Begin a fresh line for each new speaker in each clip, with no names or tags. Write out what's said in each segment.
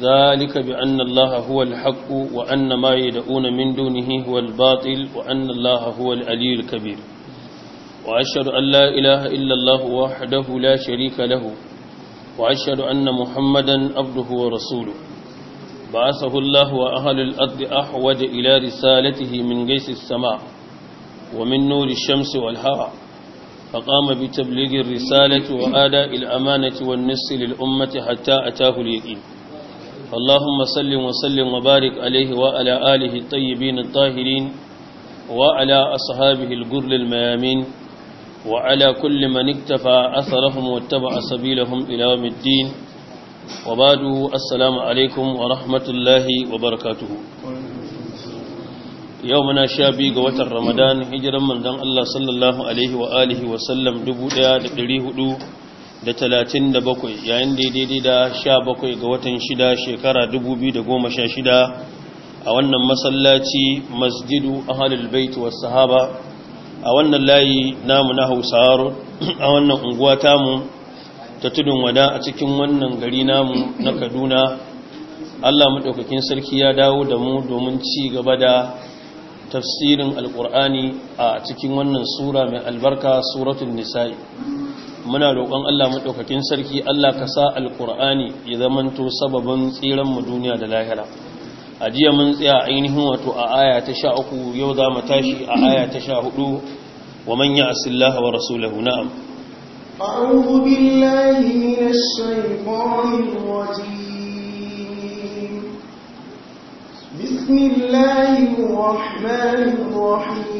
ذلك بأن الله هو الحق وأن ما يدعون من دونه هو الباطل وأن الله هو العلي الكبير وأشهد أن لا إله إلا الله وحده لا شريك له وأشهد أن محمدا عبده ورسوله بعثه الله وأهل الأرض أحوج إلى رسالته من جيش السماء ومن نور الشمس والهواء فقام بتبليغ الرسالة وآداء الأمانة والنص للأمة حتى أتاه اليقين اللهم صل وسلم وبارك عليه وعلى آله الطيبين الطاهرين وعلى أصحابه الجر الميامين وعلى كل من اكتفى أثرهم واتبع سبيلهم إلى يوم الدين وبعد السلام عليكم ورحمة الله وبركاته يومنا شابي قوة رمضان هجرا من دان الله صلى الله عليه وآله وسلم دبو ديا دقليه دو, دو da talatin da bakwai yayin daidai da sha bakwai ga watan shida shekara dubu biyu da goma sha shida a wannan masallaci masjidu ahalul baiti was sahaba a wannan layi namu na hausawar a wannan unguwa tamu ta tudun wada a cikin wannan gari namu na kaduna allah maɗaukakin sarki ya dawo da mu domin ci gaba da tafsirin alƙur'ani a cikin wannan sura mai albarka suratun nisa'i muna roƙon Allah maɗaukakin sarki Allah ka sa alƙur'ani ya zamanto sababin mu duniya da lahira a jiya mun tsaya ainihin wato a aya ta sha uku yau za mu tashi a aya ta sha hudu wa manya ya asillaha wa rasulahu na'am
أعوذ بالله من الشيطان الرجيم بسم الله الرحمن الرحيم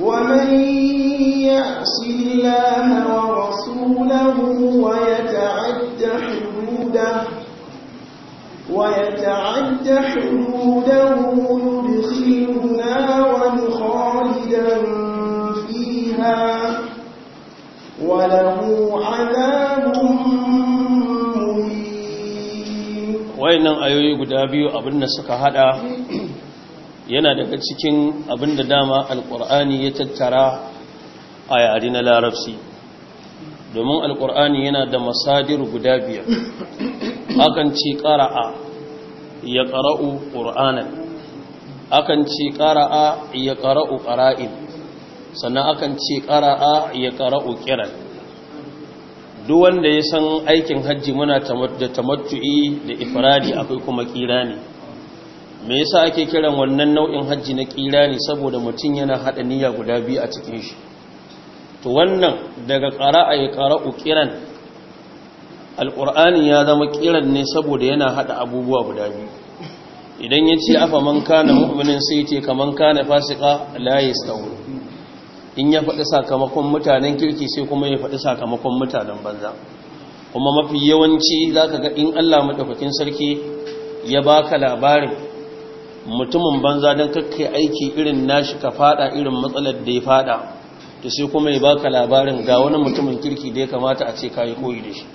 ومن يعص الله ورسوله ويتعد حدوده ويتعد حدوده يدخل نارا خالدا فيها وله عذاب
wayannan ayoyi guda biyu abin da suka hada yana daga cikin abin da dama alƙur'ani ya tattara a yare na larabci domin alƙur'ani yana da masadir guda biyar akan ce ƙara'a ya ƙara'u ƙur'anan akan ce ƙara'a ya ƙara'u ƙara'in sannan akan ce ƙara'a ya ƙara'u ƙiran duk wanda ya san aikin hajji muna da tamattu'i da ifradi akwai kuma ƙira ne. me yasa ake kiran wannan nau'in hajji na kira ne saboda mutum yana hada niyya guda biyu a cikin shi to wannan daga qara'a ya qara'u kiran alqur'ani ya zama kiran ne saboda yana hada abubuwa guda biyu idan yace afa man kana mu'minin sai yace kaman kana fasika la yastawu in ya faɗi sakamakon mutanen kirki sai kuma ya faɗi sakamakon mutanen banza kuma mafi yawanci zaka ga in Allah madaukakin sarki ya baka labarin mutumin banza don kakkai aiki irin nashi ka fada irin matsalar da ya fada to sai kuma ya baka labarin ga wani mutumin kirki da ya kamata a ce kayi koyi da shi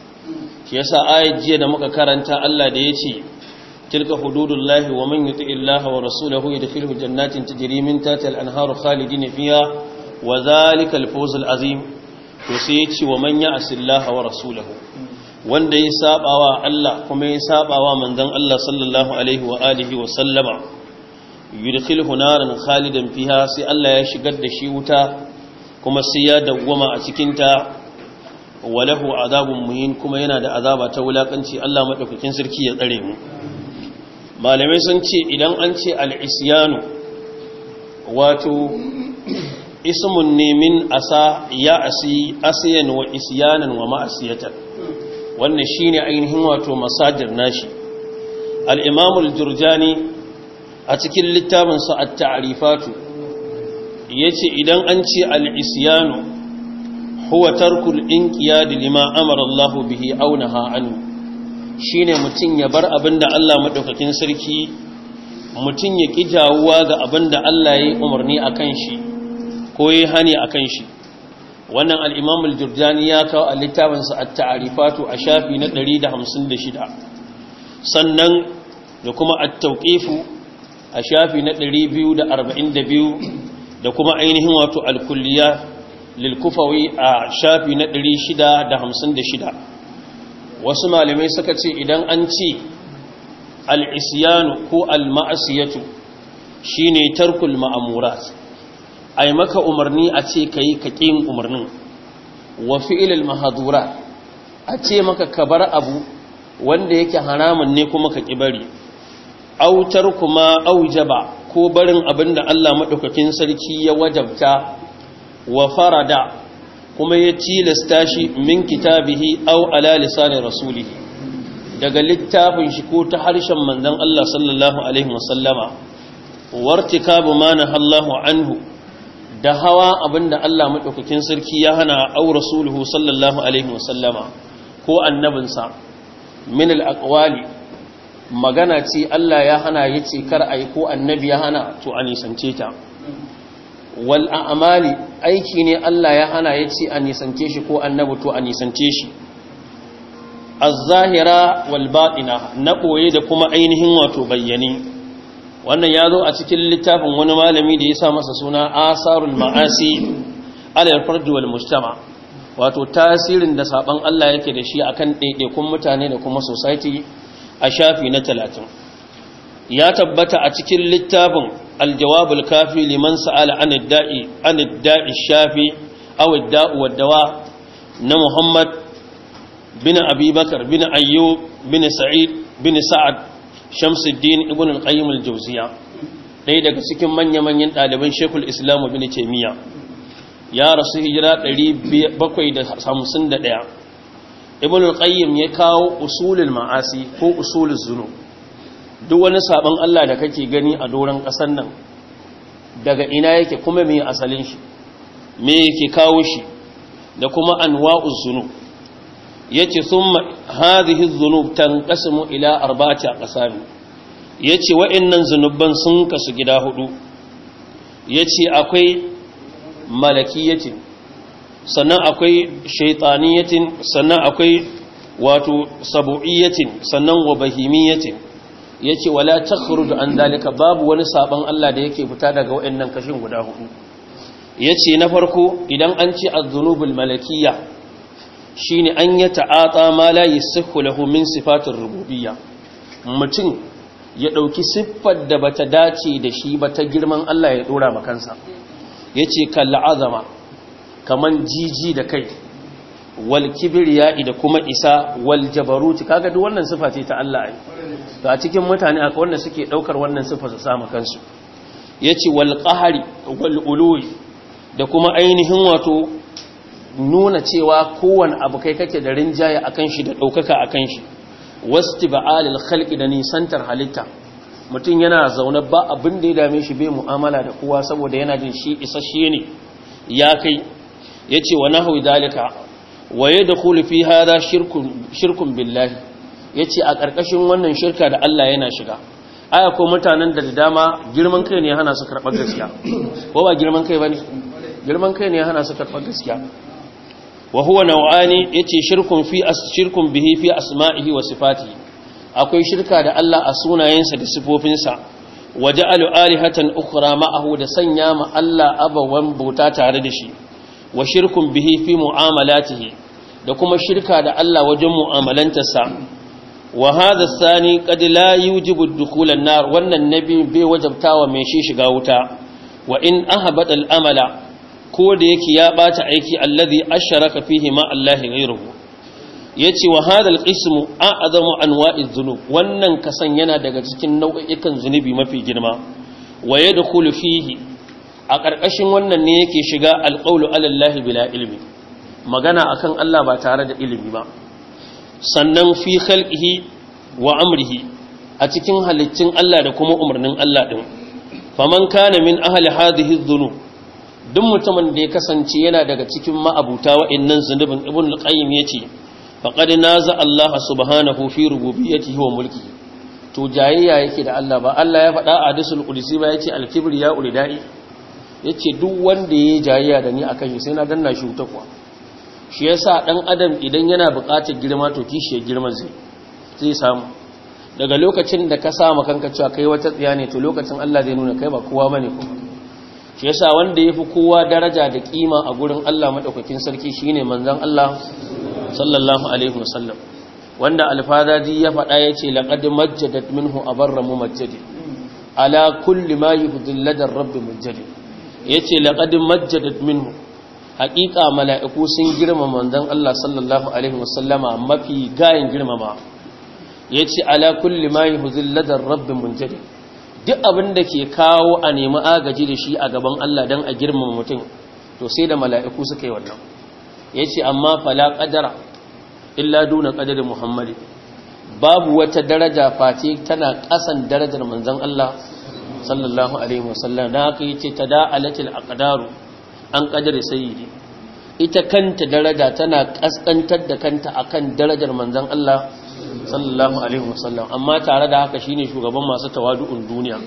shi yasa ayat jiya da muka karanta Allah da ya ce tilka hududullahi wa man yuti illaha wa rasulahu yadkhuluhu jannatin tajri min tahtiha al-anharu khalidin fiha wa dhalika al-fawz al-azim to sai ya ce wa man ya'si illaha wa rasulahu wanda ya wa Allah kuma ya wa manzon Allah sallallahu alaihi wa alihi wa sallama yudkhilhu naran khalidan fiha sai Allah ya shigar da shi wuta kuma sai ya dawwama a cikin ta walahu azabun muhin kuma yana da azaba ta wulakanci Allah madaukakin sarki ya tsare mu malamai sun ce idan an ce al-isyanu wato ismun ne min asa ya asi asiyan wa isyanan wa ma'asiyatan wannan shine ainihin wato masajir nashi al imamul jurjani a cikin littafin a ta'arifatu ya ce idan an ce al'isiyanu huwa tarkul in da lima amara Allah bihi auna ha'anu shi ne mutum ya bar abin da Allah maɗaukakin sarki mutum ya ƙi jawuwa ga abin da Allah ya yi umarni a kan shi ko ya hani a kan shi wannan al'imamul jurjani ya kawo a littafinsa a ta'arifatu a shafi na 156 sannan da kuma a tauƙifu a shafi na 242 da kuma ainihin wato alkulliya lilkufawi a shafi na 656 wasu malamai suka ce idan an ce al’isiyanu ko alma'asiyatu shi ne tarkul ma'amurat ai maka umarni a ce ka yi kaƙin umarnin wa fi'ilil mahadura a ce maka kabar abu wanda yake haramun ne kuma ka bari. autar kuma aujaba ko barin abinda Allah maɗaukakin sarki ya wajabta wa farada kuma ya tilasta shi min kitabihi au ala lisanin rasulihi daga littafin shi ko ta harshen manzon Allah sallallahu alaihi wasallama wartikabu ma nahallahu anhu da hawa abinda Allah madaukakin sarki ya hana au rasuluhu sallallahu alaihi wasallama ko annabinsa min al-aqwali magana ce Allah ya hana ya ce kar a yi ko annabi ya hana to a nisance ta wal a'mali aiki ne Allah ya hana ya ce a nisance shi ko annabi to a nisance shi az-zahira wal batina na koye da kuma ainihin wato bayyane wannan ya zo a cikin littafin wani malami da ya sa masa suna asarul ma'asi al fardi wal mujtama wato tasirin da saban Allah yake da shi akan ɗaiɗaikun mutane da kuma society a shafi na talatin ya tabbata a cikin littafin aljawabul kafi liman sa'ala an da'i shafi aw da'u wadawa na Muhammad bin Abubakar bin Ayyub bin Sa'id bin Sa'ad Shamsuddin ibn al-Qayyim al-Jawziya ɗaya daga cikin manya-manyan ɗaliban Sheikhul Islam bin Taymiyyah ya rasu hijira 751 ibn al ya kawo usulin ma'asi ko usulin zunub duk wani sabon Allah da kake gani a doron ƙasar nan daga ina yake kuma me asalin shi me yake kawo shi da kuma anwa'uz zunub yace thumma hadhihi adh-dhunub tanqasimu ila arba'ati aqsam yace wa'annan zunuban sun kasu gida hudu yace akwai malakiyatin sannan akwai shaitaniyatin sannan akwai wato sabu'iyatin sannan wa bahimiyatin yace wala takhruj an dalika babu wani saban Allah da yake fita daga wayannan kashin guda hudu yace na farko idan an ce az-zunubul malakiyya shine an ya ta'ata ma la yasihhu lahu min sifatir rububiyya mutum ya dauki siffar da bata dace da shi ba ta girman Allah ya dora kansa yace kal azama kaman jiji da kai wal kibriya da kuma isa wal jabaruti kaga duk wannan sifa ce ta Allah ai to a cikin mutane akwai wanda suke daukar wannan sifa su samu kansu yace wal qahari wal ului da kuma ainihin wato nuna cewa kowanne abu kai kake da rinjaye akan shi da daukaka akan shi wastiba'alil khalqi da nisantar halitta mutum yana zaune ba abin da ya dame shi bai mu'amala da kowa saboda yana jin shi isasshe ne ya kai ya ce wa nahu dalika waye da fi hada shirkun billahi ya ce a ƙarƙashin wannan shirka da Allah yana shiga aya ko mutanen da dama girman kai ne hana su karɓar gaskiya ko ba girman kai ba ne girman kai ne hana su karɓar gaskiya wa huwa nau'ani yace shirkun fi shirkun bihi fi asma'ihi wa sifatihi akwai shirka da Allah a sunayensa da sifofinsa waja'alu alihatan ukhra ma'ahu da sanya ma Allah abawan bauta tare da shi wa shirkun bihi fi mu'amalatihi da kuma shirka da Allah wajen mu'amalantarsa wa hadha sani qad la yujibu dukhul an-nar wannan nabi bai wajabtawa mai shi shiga wuta wa in ahbata al-amala ko da yake ya bata aiki alladhi asharaka fihi ma Allah ghayruhu yace wa hadha al-qismu a'zamu anwa'i dhunub wannan kasan yana daga cikin nau'ikan zunubi mafi girma wa yadkhulu fihi a ƙarƙashin wannan ne yake shiga alƙaulu alallahi bila ilmi magana akan Allah ba tare da ilimi ba sannan fi khalqihi wa amrihi a cikin halittun Allah da kuma umarnin Allah din faman kana min ahli hadhihi dhunub duk mutumin da ya kasance yana daga cikin ma'abuta wa'annan zunubin ibnu al-qayyim yace faqad naza Allah subhanahu fi rububiyyatihi wa mulki. to jayayya yake da Allah ba Allah ya faɗa a hadisul qudsi ba yace al-kibriya ulidai ya ce duk wanda ya yi jayayya da ni a kan sai na danna shi wuta kuwa shi ya sa ɗan adam idan yana buƙatar girma to kishi ya girma zai samu daga lokacin da ka sama kanka cewa kai wata tsaya ne to lokacin Allah zai nuna kai ba kowa ba ne kuma shi ya sa wanda ya fi kowa daraja da ƙima a gurin Allah maɗaukakin sarki shi ne manzan Allah sallallahu alaihi wasallam wanda alfadaji ya faɗa ya ce majjadat minhu abarra mu majjadi ala kulli ma yuhdilladar rabbi majjadi Ya ce laƙadin majjadat minu haƙiƙa mala'iku sun girmama manzan Allah sallallahu alaihi wasallama mafi gayin girmama yace ala kulli ma yi huzin ladar rabb munjadi duk abin da ke kawo a nemi agaji da shi a gaban Allah don a girmama mutum to sai da mala'iku suka yi wannan ce amma fala qadara illa duna qadari Muhammadu, babu wata daraja fati tana ƙasan darajar manzon Allah sallallahu alaihi wasallam da haka yace tada'alatil aqdaru an qadari sayyidi ita kanta daraja tana kaskantar da kanta akan darajar manzon Allah sallallahu alaihi wasallam amma tare da haka shine shugaban masu tawadu'un duniya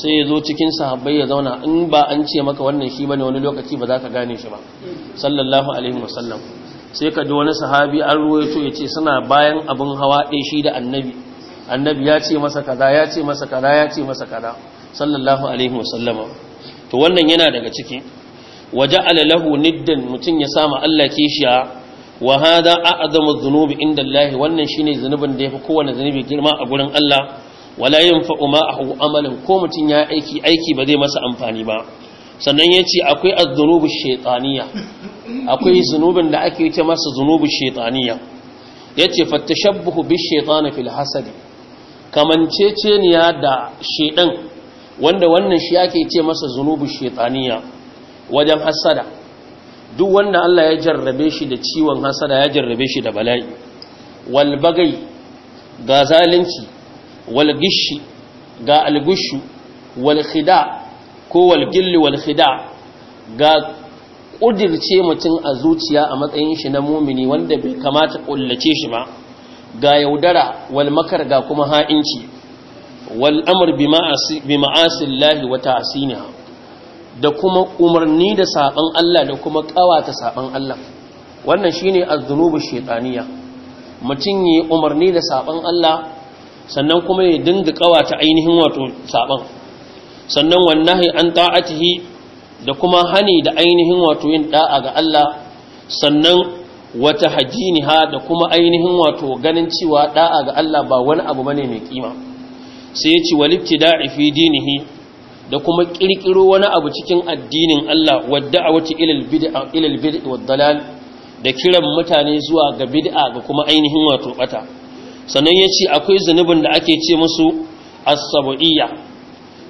sai yazo cikin sahabbai ya zauna in ba an ce maka wannan shi bane wani lokaci ba za ka gane shi ba sallallahu alaihi wasallam sai ka ji wani sahabi an ruwaito yace suna bayan abin hawa ɗaya shi da annabi annabi ya ce masa kaza ya ce masa kaza ya ce masa kaza sallallahu alaihi wasallama to wannan yana daga ciki waje alalahu niddan mutum ya sama Allah kishiya wa hada a'zamu dhunubi inda Allah wannan shine zunubin da yafi kowane zunubi girma a gurin Allah wala yanfa'u ma ahu amalan ko mutum ya aiki aiki ba zai masa amfani ba sannan yace akwai adh-dhunubu shaytaniya akwai zunubin da ake ce masa zunubu shaytaniya yace fatashabbuhu bish-shaytani fil hasadi kamanceceniya da shedan wanda wannan shi ake ce masa zunubu shaitaniya wajen hasada duk wanda Allah ya jarrabe shi da ciwon hasada ya jarrabe shi da bala'i wal bagai ga zalunci wal gishi ga algushu wal khida ko wal gilli wal khida ga kudirce mutum a zuciya a matsayin shi na mumini wanda bai kamata kullace shi ba ga yaudara wal makar ga kuma ha'inci wal’amur amr bi ma'asi wata wa da kuma umarni da saban Allah da kuma ƙawata saban Allah wannan shi ne a zunubu shekaniya mutum yi umarni da saban Allah sannan kuma yi dinga ƙawata ainihin wato saban sannan hai an ta'atihi da kuma hani da ainihin wato yin ɗa'a ga Allah sannan wata hajiniha da kuma ainihin wato ganin cewa ɗa'a ga Allah ba wani abu bane mai kima sai ya ci walibtida'i da'ifi dinihi da kuma kirkiro wani abu cikin addinin Allah wadda a wace ilal bid'a ilal bid'a dalal da kiran mutane zuwa ga bid'a ga kuma ainihin wato bata sannan ce akwai zanubin da ake ce musu as-sab'iyya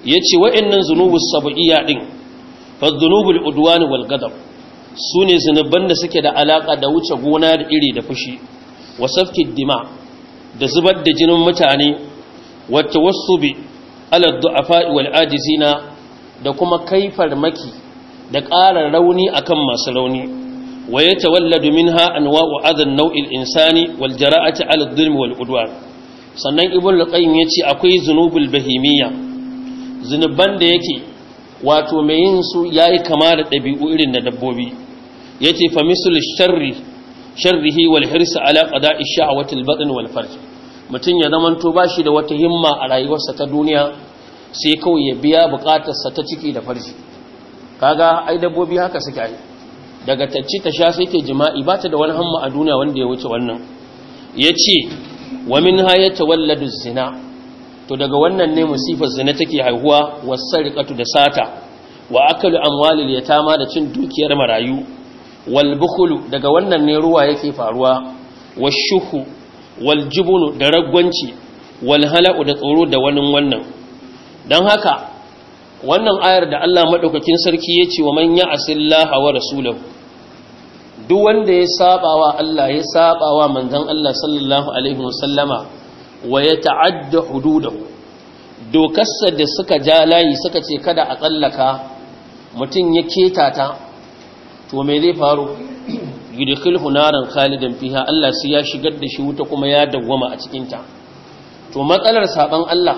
yace wa'annan as sab'iyya din fa al udwan wal ghadab sune zanuban da suke da alaka da wuce gona da iri da fushi Wa safki dima da zubar da jinin mutane wata wasu bi aladdu a fa'iwal ajizina da kuma kai farmaki da ƙara rauni akan masu rauni wa ya tawalladu min ha an wa'u adan nau'il insani wal jara'ati aladdulmi wal udwan sannan ibn luqayyim ya ce akwai zunubul bahimiyya zunuban da yake wato mai yin su yayi kama da ɗabi'u irin na dabbobi yace fa misul sharri sharrihi wal hirsi ala qada'i a watan batn wal farj mutum ya zamanto ba shi da wata himma a rayuwarsa ta duniya sai kawai ya biya bukatarsa ta ciki da farji kaga ai dabbobi haka suke ai daga tacci ta sha sai ta jima'i ba ta da wani hamma a duniya wanda ya wuce wannan ya ce wa min haya tawalladu zina to daga wannan ne musifar zina take haihuwa wasariqatu da sata wa akalu amwalil yatama da cin dukiyar marayu wal bukhlu daga wannan ne ruwa yake faruwa washuhu Waljibunu da ragwanci wal hala'u da tsoro da wani wannan don haka wannan ayar da Allah maɗaukakin sarki ya ce wa manya a asillaha wa rasulahu duk wanda ya saba wa Allah ya saba wa manzon Allah sallallahu alaihi wasallama wa ya ta'adda hududahu dokarsa da suka ja layi suka ce kada a tsallaka mutum ya keta ta to me zai faru yudkhilhu naran khalidan fiha Allah sai ya shigar da shi wuta kuma ya dawwama a cikin ta to matsalar saban Allah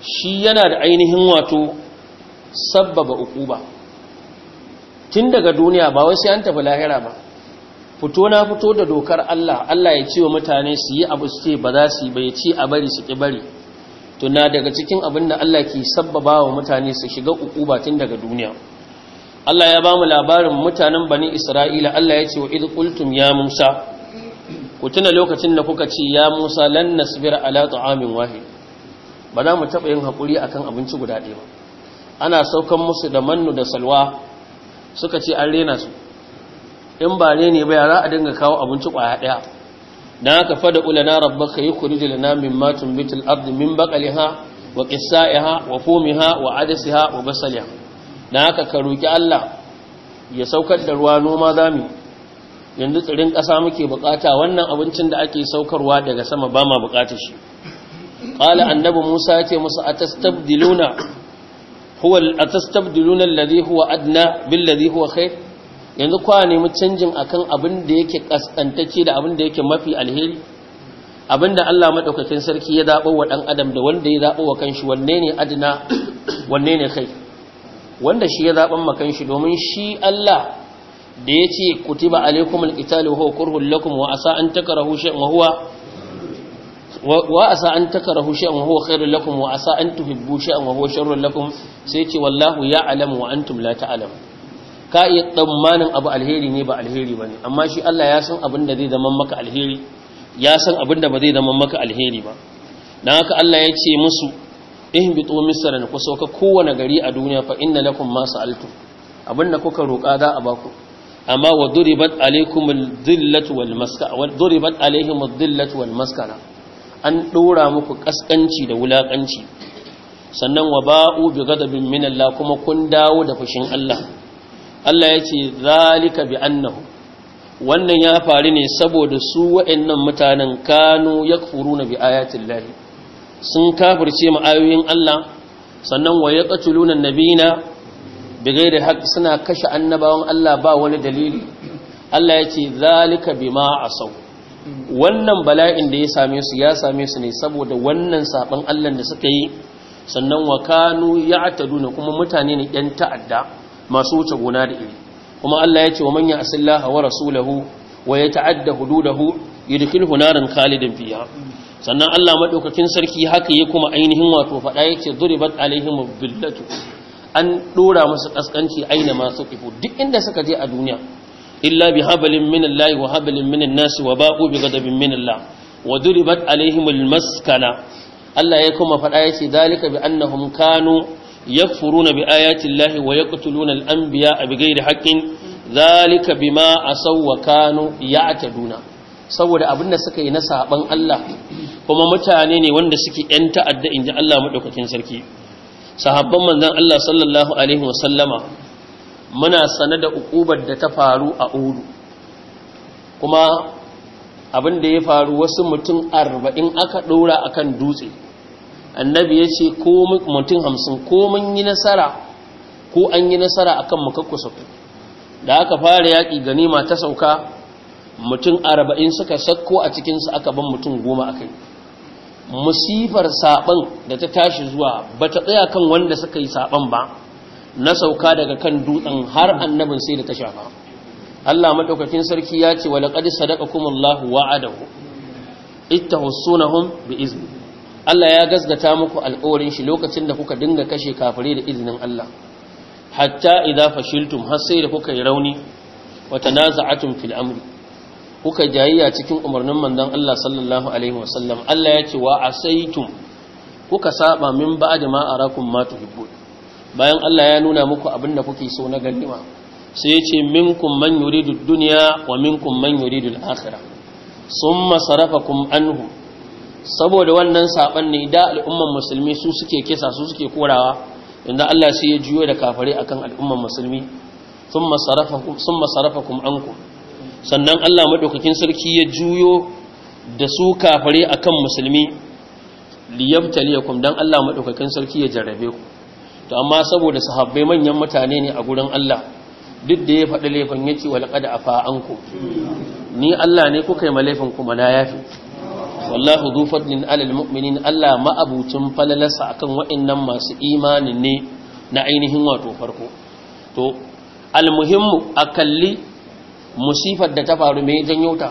shi yana da ainihin wato sabbaba uquba tun daga duniya ba wai sai an tafi lahira ba fito na fito da dokar Allah Allah ya ce wa mutane su yi abu su ce ba za su yi ba ya ce a bari su ki bari to na daga cikin abin da Allah ke sabbaba wa mutane su shiga uquba tun daga duniya Allah ya ba mu labarin mutanen bani Isra'ila Allah ya ce wa idh ya Musa ku tuna lokacin da kuka ce ya Musa lan nasbira ala ta'amin wahid ba za mu taɓa yin haƙuri akan abinci guda ɗaya ba ana saukan musu da mannu da salwa suka ce an rena su in ba ne ba yara a dinga kawo abinci kwaya na dan ka fada ulana rabbaka yukhriju lana mimma tumbitul ardi min baqaliha wa ƙisaiha wa fumiha wa adasiha wa basaliha da haka ka roƙi Allah ya saukar da ruwa noma zamu yanzu tsirin ƙasa muke bukata wannan abincin da ake saukarwa daga sama ba ma buƙata shi qala annabi Musa ce musu atastabdiluna huwa atastabdiluna alladhi huwa adna billadhi huwa khair yanzu kwa nemi canjin akan abin da yake kaskantacce da abin da yake mafi alheri Abinda Allah madaukakin sarki ya zabo wa dan adam da wanda ya zabo wa kanshi wanne ne adna wanne ne khair wanda shi ya zaɓan makan shi domin shi Allah da ya ce kutiba alaikum alqitalu wa kurhul lakum wa asa an taka shay'an wa wa an takrahu shay'an huwa khairul lakum wa asa an tuhibbu shay'an wa huwa sharrul lakum sai ce wallahu ya'lamu wa antum la ta'lamun ka iya tsammanin abu alheri ne ba alheri ba ne amma shi Allah ya san abin da zai zama maka alheri ya san abin da ba zai zama maka alheri ba dan haka Allah ya ce musu in bito misra ku sauka kowane gari a duniya fa inna lakum ma sa'altu abinda kuka roƙa za a baku amma wa duribat alaikum dhillatu wal maskara wa duribat dhillatu wal maskara an dora muku kaskanci da wulakanci sannan wa ba'u bi ghadabin min Allah kuma kun dawo da fushin Allah Allah yace zalika bi annahu wannan ya faru ne saboda su wa'annan mutanen kanu yakfuruna bi ayatin lahi sun kafirce ma'ayoyin Allah sannan wa yaqtuluna nabiyina bighairi haqq suna kashe annabawan Allah ba wani dalili Allah yace zalika bima asaw wannan bala'in da ya same su ya same su ne saboda wannan saban Allah da suka yi sannan wa kanu ya'taduna kuma mutane ne yan ta'adda masu wuce gona da iri kuma Allah yace wa man ya'sillaha wa rasulahu wa yata'adda hududahu yudkhilhu naran khalidin fiha sannan Allah madaukakin sarki haka yake kuma ainihin wato fada yake duribat alaihim billatu an dora musu kaskanci aina ma suqifu duk inda suka je a duniya illa bi hablin min Allah wa hablin min nasi, wa baqu bi ghadabin Allah wa duribat alaihim al Allah ya kuma fada yace dalika bi annahum kanu yakfuruna bi ayati Allah wa yaqtuluna al-anbiya bi ma haqqin dalika bima asaw wa kanu ya'taduna saboda abin da suka yi na saban Allah kuma mutane ne wanda suke yan ta'adda in ji Allah madaukakin sarki sahabban manzon Allah sallallahu alaihi wasallama muna sane da ukubar da ta faru a Uhud kuma abin da ya faru wasu mutum 40 aka dora akan dutse annabi ya ce ko mutum 50 ko mun yi nasara ko an yi nasara akan mu da aka fara yaki ganima ta sauka mutum arba'in suka sakko a cikinsu aka ban mutum goma yi musifar saɓan da ta tashi zuwa ba ta tsaya kan wanda suka yi saɓan ba na sauka daga kan dutsen har annabin sai da ta shafa Allah maɗaukakin sarki ya ce wala Ita hussuna wa'adahu bi izni. Allah ya gasgata muku alƙawarin shi lokacin da kuka dinga kashe kafire da izinin Allah hatta idza fashiltum har sai da kuka yi rauni wa tanaza'atum fil amri kuka jayayya cikin umarnin manzon Allah sallallahu alaihi wasallam Allah ya ce wa asaitum kuka saba min ba'da ma arakum ma tuhibbun bayan Allah ya nuna muku abin da kuke so na ganima sai ya ce minkum man yuridu dunya wa minkum man yuridu al-akhirah summa sarafakum anhu saboda wannan saban ne da al'umman musulmi su suke kisa su suke korawa inda Allah sai ya juyo da kafare akan al'umman musulmi sun an ankum sannan Allah madaukakin sarki ya juyo da su kafare akan musulmi liyabtaliyakum dan Allah madaukakin sarki ya jarrabe ku to amma saboda sahabbai manyan mutane ne a gurin Allah duk da ya faɗi laifin yace wal qad afa anku ni Allah ne kuka yi malaifin kuma na yafi wallahu dhu fadlin alal mu'minin Allah ma'abucin falalasa akan wa'annan masu imanin ne na ainihin wato farko to almuhimmu kalli. musifar da ta faru mai janyo ta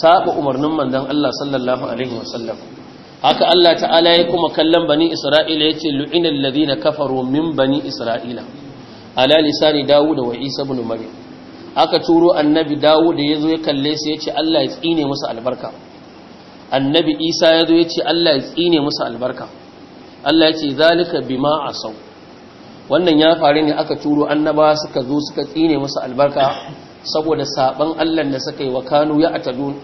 saba umarnin manzon Allah sallallahu alaihi wasallam haka Allah ta'ala ya kuma kallon bani Isra'ila yace lu'inal ladina kafaru min bani Isra'ila ala lisani Dawud wa Isa ibn Maryam aka turo annabi Dawud yazo ya kalle su yace Allah ya tsine musu albarka annabi Isa ya yazo yace Allah ya tsine musu albarka Allah yace zalika bima asaw wannan ya faru ne aka turo annabawa suka zo suka tsine musu albarka saboda saban Allah da suka yi wa kanu ya atadun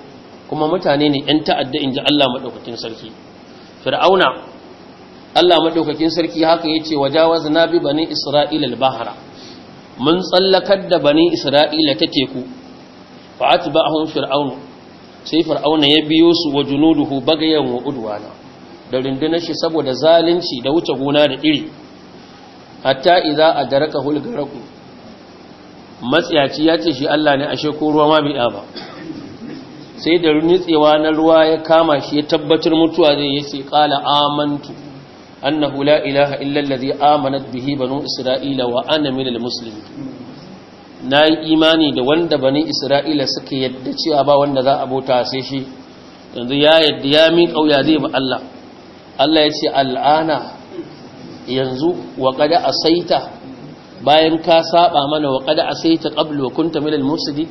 kuma mutane ne yan ta'adda in ji Allah madaukakin sarki fir'auna Allah madaukakin sarki haka yace wajawazna bi bani isra'ila al-bahra mun tsallakar da bani isra'ila ta teku fa atba'ahum fir'auna sai fir'auna ya biyo su wa junuduhu bagayan wa udwana da rundunar shi saboda zalunci da wuce gona da iri hatta idza adraka hulgaraku matsiyaci ya ce shi Allah ne ashe ko ruwa ma bai ba sai da nitsewa na ruwa ya kama shi ya tabbatar mutuwa zai yi sai kala amantu annahu la ilaha illa allazi amanat bihi banu isra'ila wa ana minal muslimin nayi imani da wanda bani isra'ila suka yadda cewa ba wanda za a bauta sai shi yanzu ya yadda ya min kauya zai ba Allah Allah ya ce al'ana yanzu wa qad asaita bayan ka saba mana wa qad ta qablu kunta minal mufsidi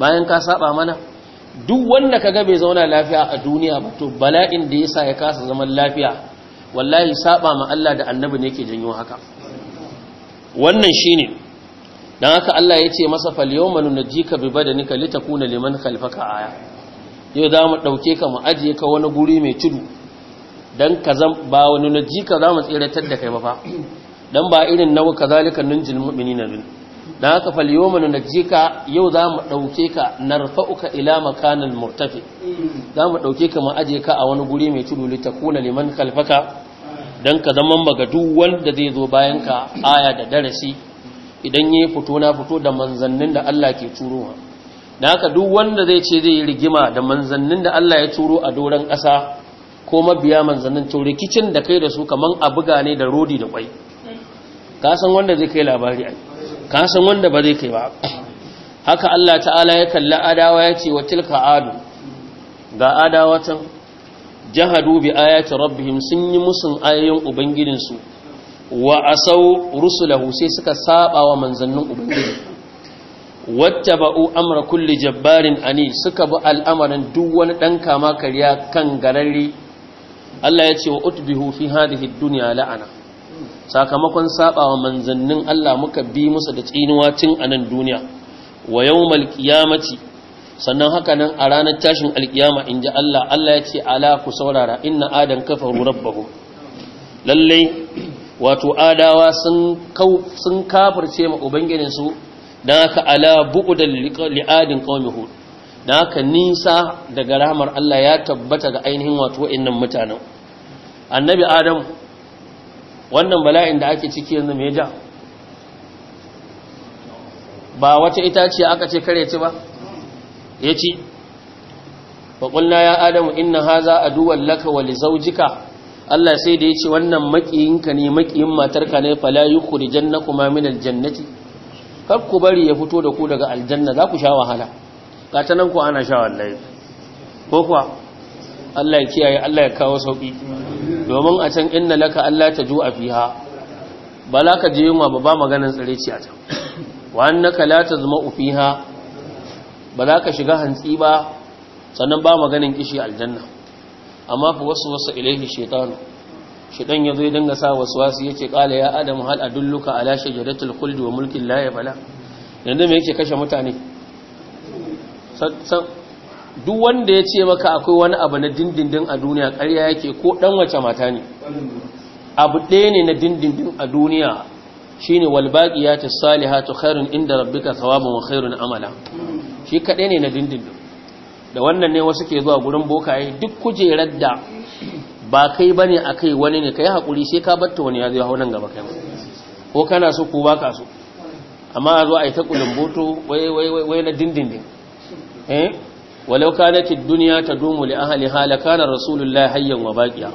bayan ka saba mana duk wanda kaga bai zauna lafiya a duniya ba to bala'in da ya sa ya kasa zaman lafiya wallahi saba ma Allah da annabi ne ke janyo haka wannan shine dan haka Allah ya ce masa fal yawma nunjika bi badanika litakuna liman khalfaka aya yau zamu mu ɗauke ka mu ajiye ka wani guri mai tudu don ka zan ba wani ji ka za mu tseratar da kai ba fa dan ba irin nawa kazalika nunjil mu'minina bin dan haka fal yawma nunjika yau za mu ɗauke ka narfa'uka ila makanil murtafi mu dauke ka mu aje ka a wani guri mai tudu litakuna liman khalfaka dan ka zaman baga duk wanda zai zo bayan ka aya da darasi idan yayi fito na fito da manzannin da Allah ke turowa dan haka duk wanda zai ce zai yi rigima da manzannin da Allah ya turo a doron ƙasa ko mabiya manzannin to rikicin da kai da su kamar a buga ne da rodi da kwai ka san wanda zai kai labari a ka san wanda ba zai kai ba haka Allah ta'ala ya kalla adawa ya ce wa tilka adu ga adawatan jahadu bi ayati rabbihim sun yi musun ayoyin ubangijinsu wa asau rusulahu sai suka saba wa manzannin ubangiji wattaba'u amra kulli jabbarin ani suka bi al'amarin duk wani dan kama kariya kan gararri Allah ya ce wa utbihu fi hadhihi dunya la'ana sakamakon sabawa manzannin Allah muka bi musa da tsinuwa tun a nan duniya wa yau malkiyamaci sannan haka nan a ranar tashin alkiyama in ji Allah Allah ya ce ala ku saurara inna adan kafaru rabbahum Lallai, wato adawa sun kafarce kafirce ma ubangijin su haka ala da li'adin qaumi hu dan haka nisa daga rahmar Allah ya tabbata ga ainihin wato wa'annan mutanen annabi adam wannan bala'in da ake ciki yanzu mai ja ba wata itace aka ce kare ci ba ya ci faƙulna ya adamu inna haza duwan laka wa lizaujika Allah sai da ya ce wannan maƙiyinka ne maƙiyin matarka ne fala da janna kuma min aljannati kar ku bari ya fito da ku daga aljanna za ku sha wahala ka ta nan ku ana sha wallahi ko kuwa Allah ya kiyaye Allah ya kawo sauki domin a can inna laka Allah ta ju'a fiha ba la ka je yunwa ba ba maganin tsare ci a can wa annaka la tazma'u fiha ba za ka shiga hantsi ba sannan ba maganin kishi aljanna amma fa wasu wasu ilaihi shaytanu shaytan yazo ya dinga sa waswasi yace qala ya adam hal adulluka ala shajaratil khuldi wa mulkin la yabla yanda me yake kashe mutane duk wanda ya ce maka akwai wani abu na dindindin a duniya ƙarya yake ko ɗan wace mata ne abu ɗaya ne na dindindin a duniya shine walbaƙi ya ta salihatu khairun inda rabbika thawabun wa khairun amala shi kaɗai ne na dindindin da wannan ne wasu ke zuwa gurin bokaye duk kujerar da ba kai ba ne a kai wani ne ka yi haƙuri sai ka batta wani ya zai hau nan gaba kai ko kana so ko ba ka so amma a zo a yi ta kulumboto wai na dindindin eh? walau duniya ta dunya tadumu li ahliha la kana rasulullahi hayyan wa baqiya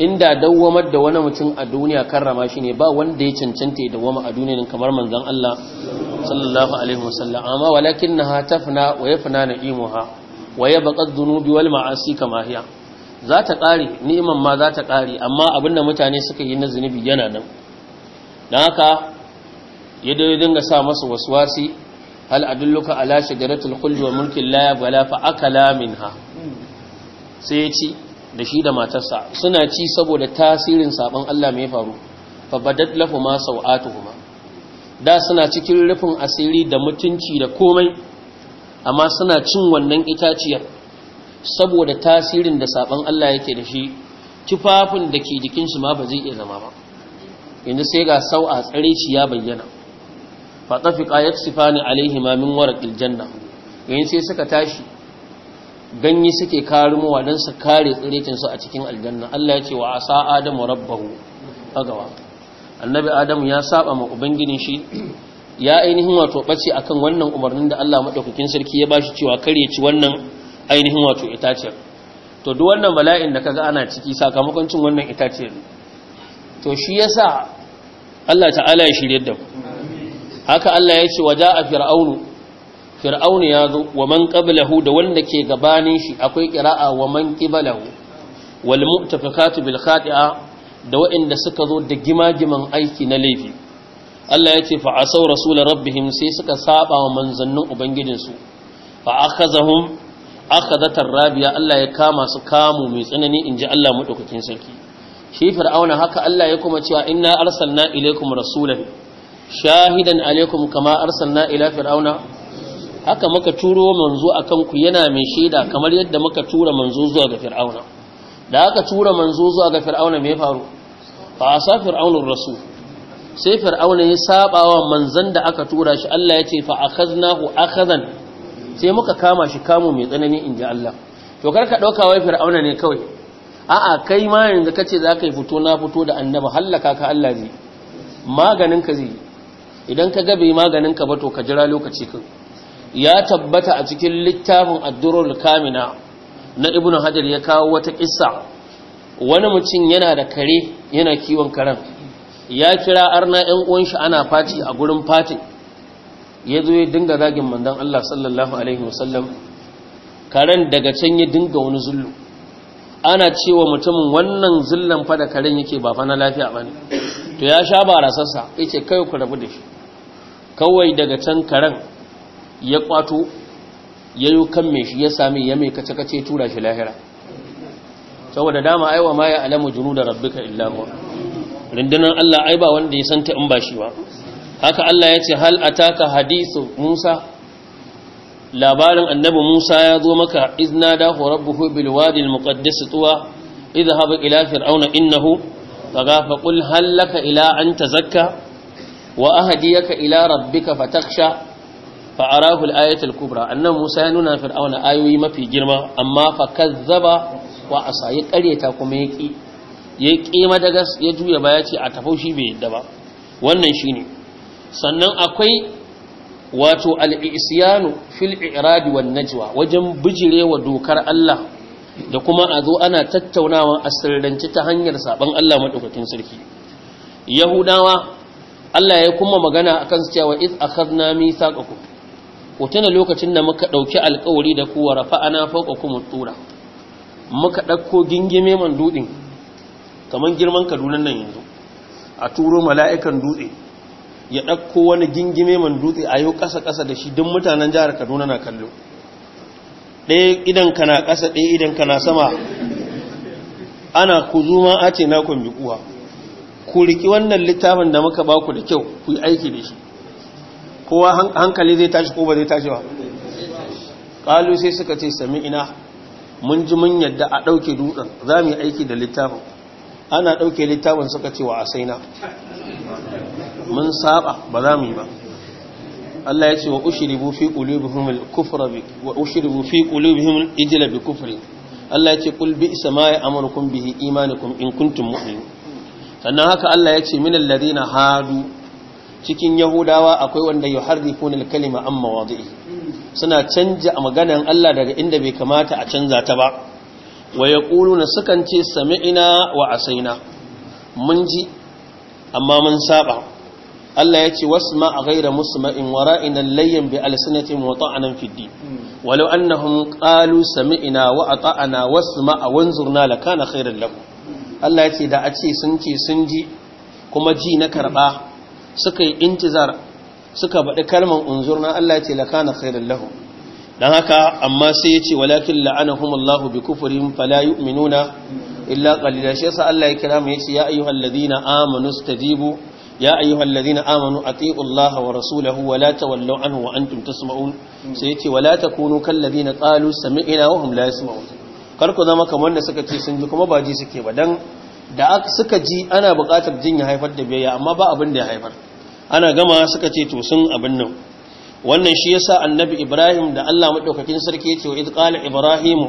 inda dawwamar da wani mutum a duniya karrama shi ne ba wanda ya cancanta da wama a duniya kamar manzon Allah sallallahu alaihi wasallam amma walakinnaha tafna wa yafna na'imuha wa yabqa adh-dhunubi wal ma'asi kama hiya za ta ƙare ni'imar ma za ta ƙare amma abinda mutane suka yi na zunubi yana nan don haka ya dinga sa masa waswasi hal adulluka ala shajaratul khuld wa mulkin la yabla fa akala minha sai ya ci da shi da matarsa suna ci saboda tasirin sabon Allah mai faru fa badat lahuma sawatuhuma da suna cikin rufin asiri da mutunci da komai amma suna cin wannan itaciyar saboda tasirin da sabon Allah yake da shi tufafin da ke jikinsu ma ba zai iya zama ba yanzu sai ga sau a tsare shi ya bayyana fa tafiqa yaksifani alaihima min warqil janna yayin sai suka tashi ganye suke karumowa dan su kare tsiretin su a cikin aljanna Allah ya ce wa asa adamu rabbahu agawa annabi adamu ya saba ma ubangijin shi ya ainihin wato bace akan wannan umarnin da Allah madaukakin sarki ya ba bashi cewa kare ci wannan ainihin wato itaciyar to duk wannan bala'in da kaga ana ciki sakamakon cin wannan itaciyar to shi yasa Allah ta'ala ya shirye da ku haka Allah ya ce waja a fir'aunu fir'aunu ya zo wa man qablahu da wanda ke gabanin shi akwai qira'a wa man qiblahu wal mu'tafiqatu bil khati'a da waɗanda suka zo da gimagiman aiki na laifi Allah ya ce fa asaw rasul rabbihim sai suka saba wa manzannin ubangijinsu fa akhazahum akhazatar rabiya Allah ya kama su kamu mai tsanani inji Allah madaukakin sarki shi fir'auna haka Allah ya kuma cewa inna arsalna ilaykum rasulan shahidan alaikum kama arsalna ila fir'auna haka muka turo manzo akan ku yana mai shaida kamar yadda muka tura manzo zuwa ga fir'auna da aka tura manzo zuwa ga fir'auna me faru fa asa fir'aunur rasul sai fir'auna ya saba wa manzan da aka tura shi Allah ya ce fa akhaznahu akhazan sai muka kama shi kamo mai tsanani inji Allah to kar ka dauka wai fir'auna ne kawai a'a kai ma yanzu kace zaka yi fito na fito da annabi hallaka ka Allah ji, maganin ka zai idan ka ga bai maganin ka ba to ka jira lokaci kan ya tabbata a cikin littafin addurul kamina na ibnu hajar ya kawo wata kissa wani mutum yana da kare yana kiwon karen ya kira arna yan uwan shi ana fati a gurin Fati. ya zo ya dinga zagin mandan Allah sallallahu alaihi wasallam karen daga can ya dinga wani zullu ana cewa mutumin wannan zullan fa da karen yake ba fa na lafiya bane to ya sha barasarsa yace kai ku rabu da shi kawai daga can karen ya kwato ya yi kan mai shi ya sami ya mai kace-kace tura shi lahira saboda dama aiwa ma ya alamu junu da rabbika illahu rundunar Allah ai ba wanda ya santa in ba shi ba haka Allah ya ce hal taka hadisu Musa labarin annabi Musa ya zo maka iznada rabbuhu bil wadi al muqaddas tuwa haɓa ila fir'auna innahu taghafa qul hal laka ila an wa ahdiyaka ila rabbika fataksha fa arahu al-ayatu al-kubra annan Musa ya nuna fir'auna ayoyi mafi girma amma fa kazzaba wa asa ya kuma ya ki ya kima da ya juya baya ce a tafau shi bai yadda ba wannan shine sannan akwai wato al-isyanu fil i'rad wan najwa wajen bijirewa dokar Allah da kuma a zo ana tattaunawa a sirrance ta hanyar saban Allah madaukakin sarki yahudawa Allah ya kuma magana akan su cewa iz akhadna mithaqakum ko Hotuna lokacin da muka ɗauki alƙawari da rafa ana fauƙa kuma tura muka ɗakko gingime man dutsen, kamar girman Kaduna nan yanzu a turo mala'ikan dutse ya ɗakko wani gingime man dutse a yau ƙasa ƙasa da shi duk mutanen jihar Kaduna na kallo ɗaya idan kana ƙasa, ɗaya idan kana sama ana kuzuma ce na kwambi kuwa ku riki wannan littafin da muka baku da kyau ku yi aiki da shi kowa hankali zai tashi ko ba zai tashi ba ƙalu sai suka ce sami ina mun ji mun yadda a ɗauke dutsen za mu yi aiki da littafin ana ɗauke littafin suka ce wa na? mun saba ba za mu yi ba Allah ya ce wa ushribu fi qulubihim al-kufra bi wa ushribu fi qulubihim al-ijla bi kufri Allah ya ce qul bi isma ya amurukum bihi imanikum in kuntum mu'minin sannan haka Allah ya ce minal ladina hadu cikin yahudawa akwai wanda yuharrifuna al-kalima amma wadi'i suna canja maganan Allah daga inda bai kamata a canza ta ba wa na sukan ce sami'na wa asaina mun ji amma mun saba Allah ya ce ma a gaira musma'in wara'ina layyan bi alsinatin a nan fiddi walau Annahun, qalu sami'na wa ata'ana wasma a wanzurna lakana khairan lakum Allah ya ce da a ce sun ce sun ji kuma ji na karɓa suka yi intizar suka baɗi kalman unzurna Allah ya ce lakana khairul lahu dan haka amma sai ya ce walakin la'anahumullahu bi kufrihim fala yu'minuna illa qalila shi yasa Allah ya kira mu ya ce, ya ayyuhal ladina amanu stajibu ya ayyuhal ladina amanu atiullaha wa rasulahu wa la tawallu anhu wa antum tasma'un sai ya ce wala takunu kal ladina qalu sami'na wa hum la yasma'un kar ku zama kamar da suka ce sun ji kuma ba ji suke ba dan da suka ji ana buƙatar jin ya haifar da biyayya amma ba abin da ya haifar ana gama suka ce to sun abin nan wannan shi yasa annabi ibrahim da Allah madaukakin sarki yace wa id ibrahim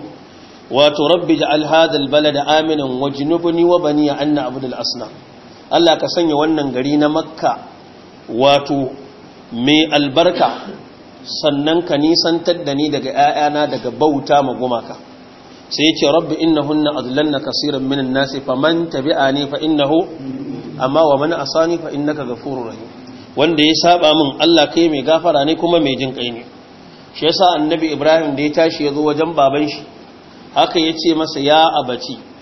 wato rabbi ja'al hadha albalada aminan wajnubni wa bani an na'budu al-asnam Allah ka sanya wannan gari na makka wato mai albarka sannan ka nisantar da ni daga 'ya'yana daga bauta ma gumaka sai yace rabbi innahunna adlalna kaseeran minan nasi faman ne fa innahu amma wa man asani fa innaka ghafurur rahim wanda ya saba min Allah kai mai gafara ne kuma mai jin kai ne shi yasa annabi Ibrahim da ya tashi ya zo wajen baban shi haka yace masa ya baci.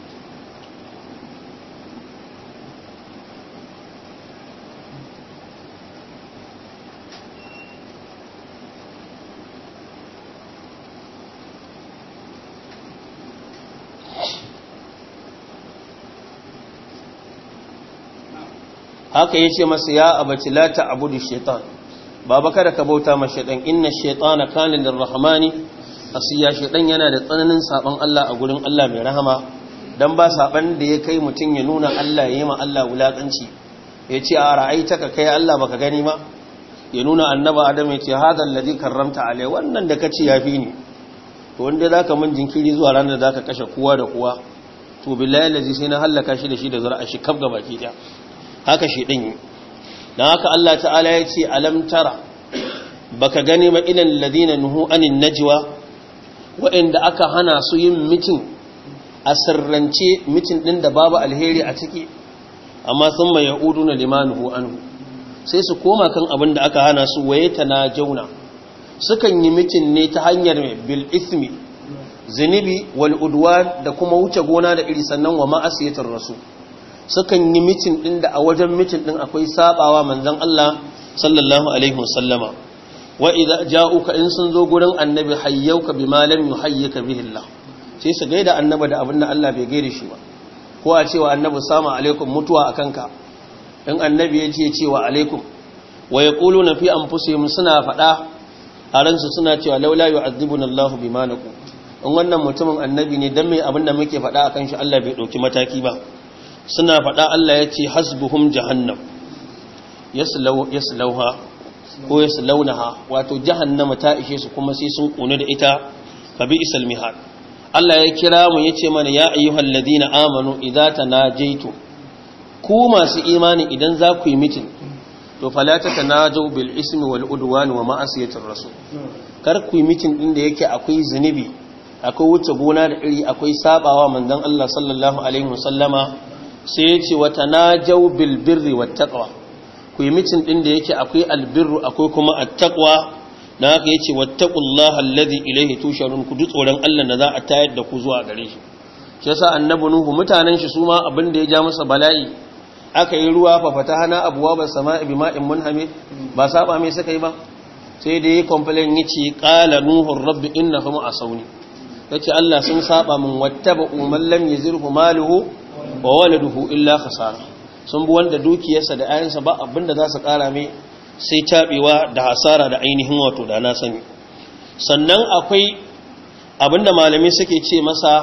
haka ya ce masa ya abaci la da shaitan baba kada ka bauta ma shaitan inna da rahamani a siya shaitan yana da tsananin saban Allah a gurin Allah mai rahama dan ba saban da ya kai mutum ya nuna Allah ya yi ma Allah wulakanci ya ce a ra'ayi ta ka kai Allah baka gani ba ya nuna annaba adam ya ce hadha karramta alai wannan da kace yafi ni to wanda zaka mun jinkiri zuwa ranar da zaka kashe kowa da kowa to billahi lazi sai na hallaka shi da shi da zura'a shi kaf gaba ɗaya. daya haka shi din dan haka Allah ta'ala ya ce alam tara baka gani ma ilal ladina nuhu anin najwa wa'inda aka hana su yin mitin a sirrance mitin din da babu alheri a ciki amma sun na ya'uduna limanuhu anhu sai su koma kan abin da aka hana su waye na jauna sukan yi mitin ne ta hanyar bil ismi zinibi, wal udwan da kuma wuce gona da iri sannan wa ma'asiyatar rasul sukan yi mitin din da a wajen mitin din akwai sabawa manzon Allah sallallahu alaihi wasallama wa idza ja'uka in sun zo gurin annabi hayyuka bima lam yuhayyika bihi Allah sai su gaida annabi da abin da Allah bai gaida shi ba ko a cewa annabi salamu alaikum mutuwa akan ka in annabi ya ce cewa alaikum wa yaquluna fi anfusihim suna fada a suna cewa laula yu'adhibuna Allah bima naqu in wannan mutumin annabi ne dan me abin da muke fada akan shi Allah bai dauki mataki ba suna faɗa Allah ya ce hasbuhum jahannam yaslauha ko yaslaunaha wato jahannama ta ishe su kuma sai sun kunu da ita fa bi isal mihad Allah ya kira mu yace mana ya ayyuhal ladina amanu idza tanajaitu ku masu imani idan za ku yi mitin to fala tanajau bil ismi wal udwan wa ma'asiyatir rasul kar ku yi mitin din da yake akwai zunubi akwai wuce gona da iri akwai sabawa manzon Allah sallallahu alaihi wasallama sai ya ce wata na jau bilbirri wa ku yi ɗin da yake akwai albirru akwai kuma a na haka ya ce wata ƙullah allazi ilaihi tusharun ku tsoron allah da za a tayar da ku zuwa gare shi shi yasa annabi nuhu mutanen shi su ma abin da ya ja masa bala'i aka yi ruwa fa hana abuwa ba sama'i bima'in munhamid ba saba mai suka yi ba sai da ya kwamfalin ya ce ƙala nuhun rabbi inna hama a sauni ya Allah sun saba min wata ba umar lam ya zirhu maluhu wa waladuhu illa khasara sun bi wanda dukiyarsa da ayansa ba abinda za su kara mai sai tabewa da hasara da ainihin wato da na sani sannan akwai abinda malami suke ce masa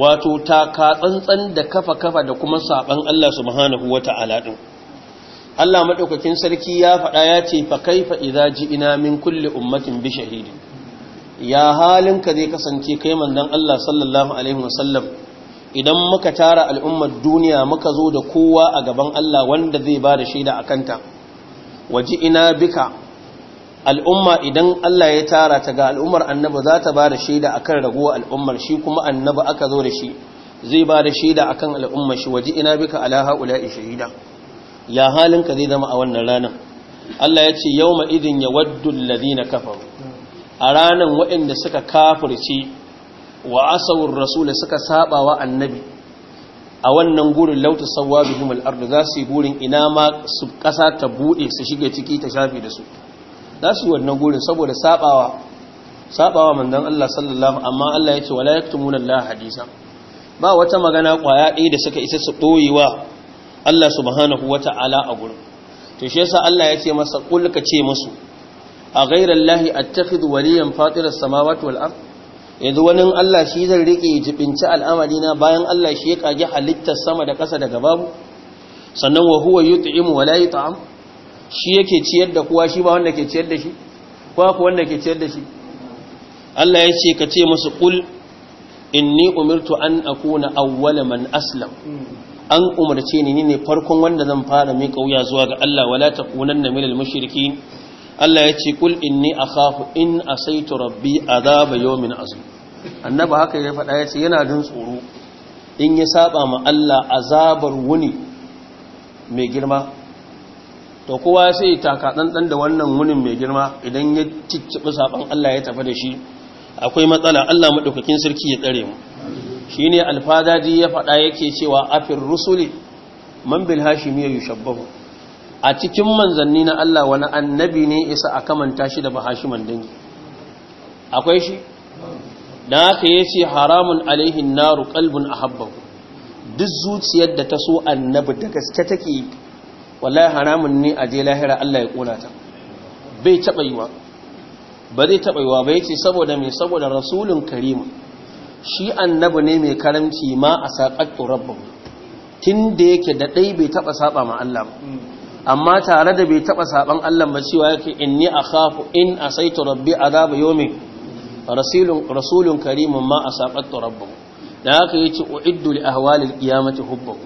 wato ta ka tsantsan da kafa kafa da kuma saban Allah subhanahu ta'ala din Allah madaukakin sarki ya faɗa ya ce fa kaifa idza ji'ina min kulli ummatin bi shahidin ya halinka zai kasance kai manzon Allah sallallahu alaihi wasallam idan muka tara al'ummar duniya muka zo da kowa a gaban Allah wanda zai ba da shaida a kanta waji ina bika al'umma idan Allah ya tara ta ga al'ummar annabi za ta ba da shaida akan raguwa al'ummar shi kuma annabi aka zo da shi zai ba da shaida akan al'ummar shi waji ina bika ala haula'i shahida ya halinka zai zama a wannan ranar Allah ya ce yau ma idin yawaddu Ladina kafaru a ranar waɗanda suka kafurce. wa asawur rasul suka saba wa annabi a wannan gurin lauta sauwa bihim al-ard za su yi gurin ina ma su kasa ta bude su shiga ciki ta shafi da su za su yi wannan gurin saboda sabawa sabawa manzon Allah sallallahu amma Allah yace wala yaktumuna Allah hadisa ba wata magana kwaya ɗaya da suka isa su wa Allah subhanahu Ta'ala a gurin to shi yasa Allah ce masa kulka ce musu a ghayra Allah attakhidhu waliyan fatiras samawati wal ard yanzu wani Allah shi zai rike jibinci al'amari na bayan Allah shi ya ƙage halittar sama da ƙasa daga babu sannan wa huwa yut'imu wa la ta'am? shi yake ciyar da kuwa shi ba wanda ke ciyar da shi Kuwa ku wanda ke ciyar da shi Allah ya ce ka ce musu in ni umirtu an kuna awwala man aslam an umarce ni ne farkon wanda zan fara mai wuya zuwa ga Allah wala na minal mashirki Allah ya ce kul inni akhafu in a asaitu rabbi azaba yawmin azim annabi haka ya faɗa ya ce yana jin tsoro in ya saba ma Allah azabar wuni mai girma to kowa sai taka dandan da wannan wunin mai girma idan ya ciccibi saban Allah ya tafi da shi akwai matsala Allah madaukakin sarki ya tsare mu shine alfadaji ya faɗa yake cewa afir rusuli man bil hashimi yushabbahu a cikin manzanni na Allah wani annabi ne isa a kamanta shi da bahashiman dangi akwai shi da haka ce haramun alaihin naru kalbin ahabbahu duk zuciyar da ta so annabi da gaske take wallahi haramun ne a je lahira Allah ya kona ta bai taɓa yiwa ba zai taɓa yiwa ba ya ce saboda mai saboda rasulun karimu shi annabi ne mai karamci ma a saƙaƙƙo rabbahu tun da yake da ɗai bai taɓa saɓa ma Allah ba amma tare da bai taba saban Allah ba cewa yake inni akhafu in asaitu rabbi azab yawmin rasulun rasulun karimun ma asabatu rabbuhu dan haka yace uiddu li ahwali alqiyamati hubbuhu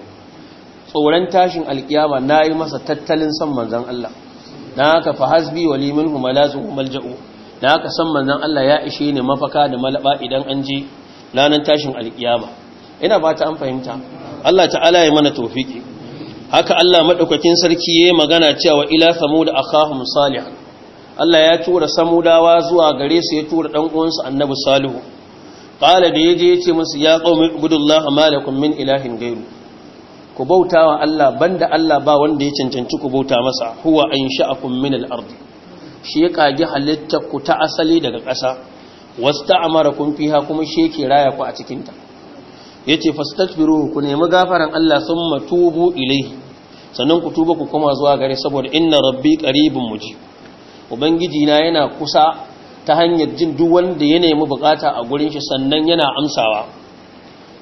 tsoran tashin alqiyama nayi masa tattalin san manzon Allah dan haka fa hasbi wa li minhu malazu malja'u dan haka san manzon Allah ya ishe ni mafaka da malaba idan an je ranan tashin alqiyama ina ba ta an fahimta Allah ta'ala ya mana tawfiki haka Allah maɗaukakin sarki yayi magana cewa ila samud akhahum salih Allah ya tura samudawa zuwa gare su ya tura dan uwansu annabi salihu qala da yaje ce musu ya qaumi ibudullaha malakum min ilahin gairu. ku bautawa Allah banda Allah ba wanda ya cancanci ku bauta masa huwa an min al-ard shi ya kage halittar ku ta asali daga ƙasa Wasu wasta'amarakum fiha kuma shi yake raya ku a cikinta. Ya yace fastaghfiruhu ku nemi gafaran Allah sun matubu ilai sannan ku tuba ku koma zuwa gare saboda inna rabbi karibin muji ubangiji na yana kusa ta hanyar jin duk wanda ya nemi bukata a gurin shi sannan yana amsawa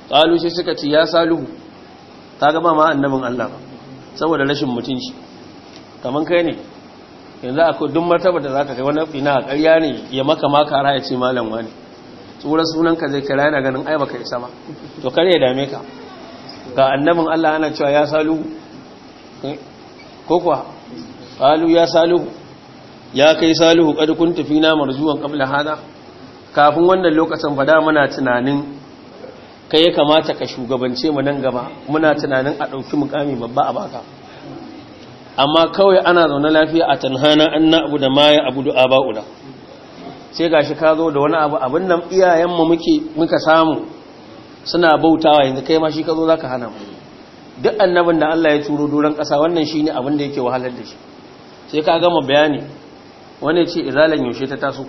Ƙalu sai suka ce ya saluhu ta gaba ma annabin Allah ba saboda rashin mutunci Kamar kai ne yanzu akwai duk martaba da za ka kai wani fina a ƙarya ne ya maka maka ra'ayi ce malam wani tsoron sunanka zai kira yana ganin ai baka isa ba to kare ya dame ka ga annabin Allah ana cewa ya salu ko kuwa salu ya salu ya kai salu kad tafi na marzuwan qabla hada kafin wannan lokacin fada muna tunanin kai ya kamata ka shugabance mu nan gaba muna tunanin a dauki mukami babba a baka amma kawai ana zaune lafiya a tanhana annabu abu da maya abu du'a ba'uda sai gashi ka zo da wani abu abin nan iyayenmu muke muka samu suna bautawa yanzu kai ma shi ka zo za ka hana mu duk annabin da Allah ya turo duran ƙasa wannan shi ne abin da yake wahalar da shi sai ka gama bayani wani ce izalan yaushe ta taso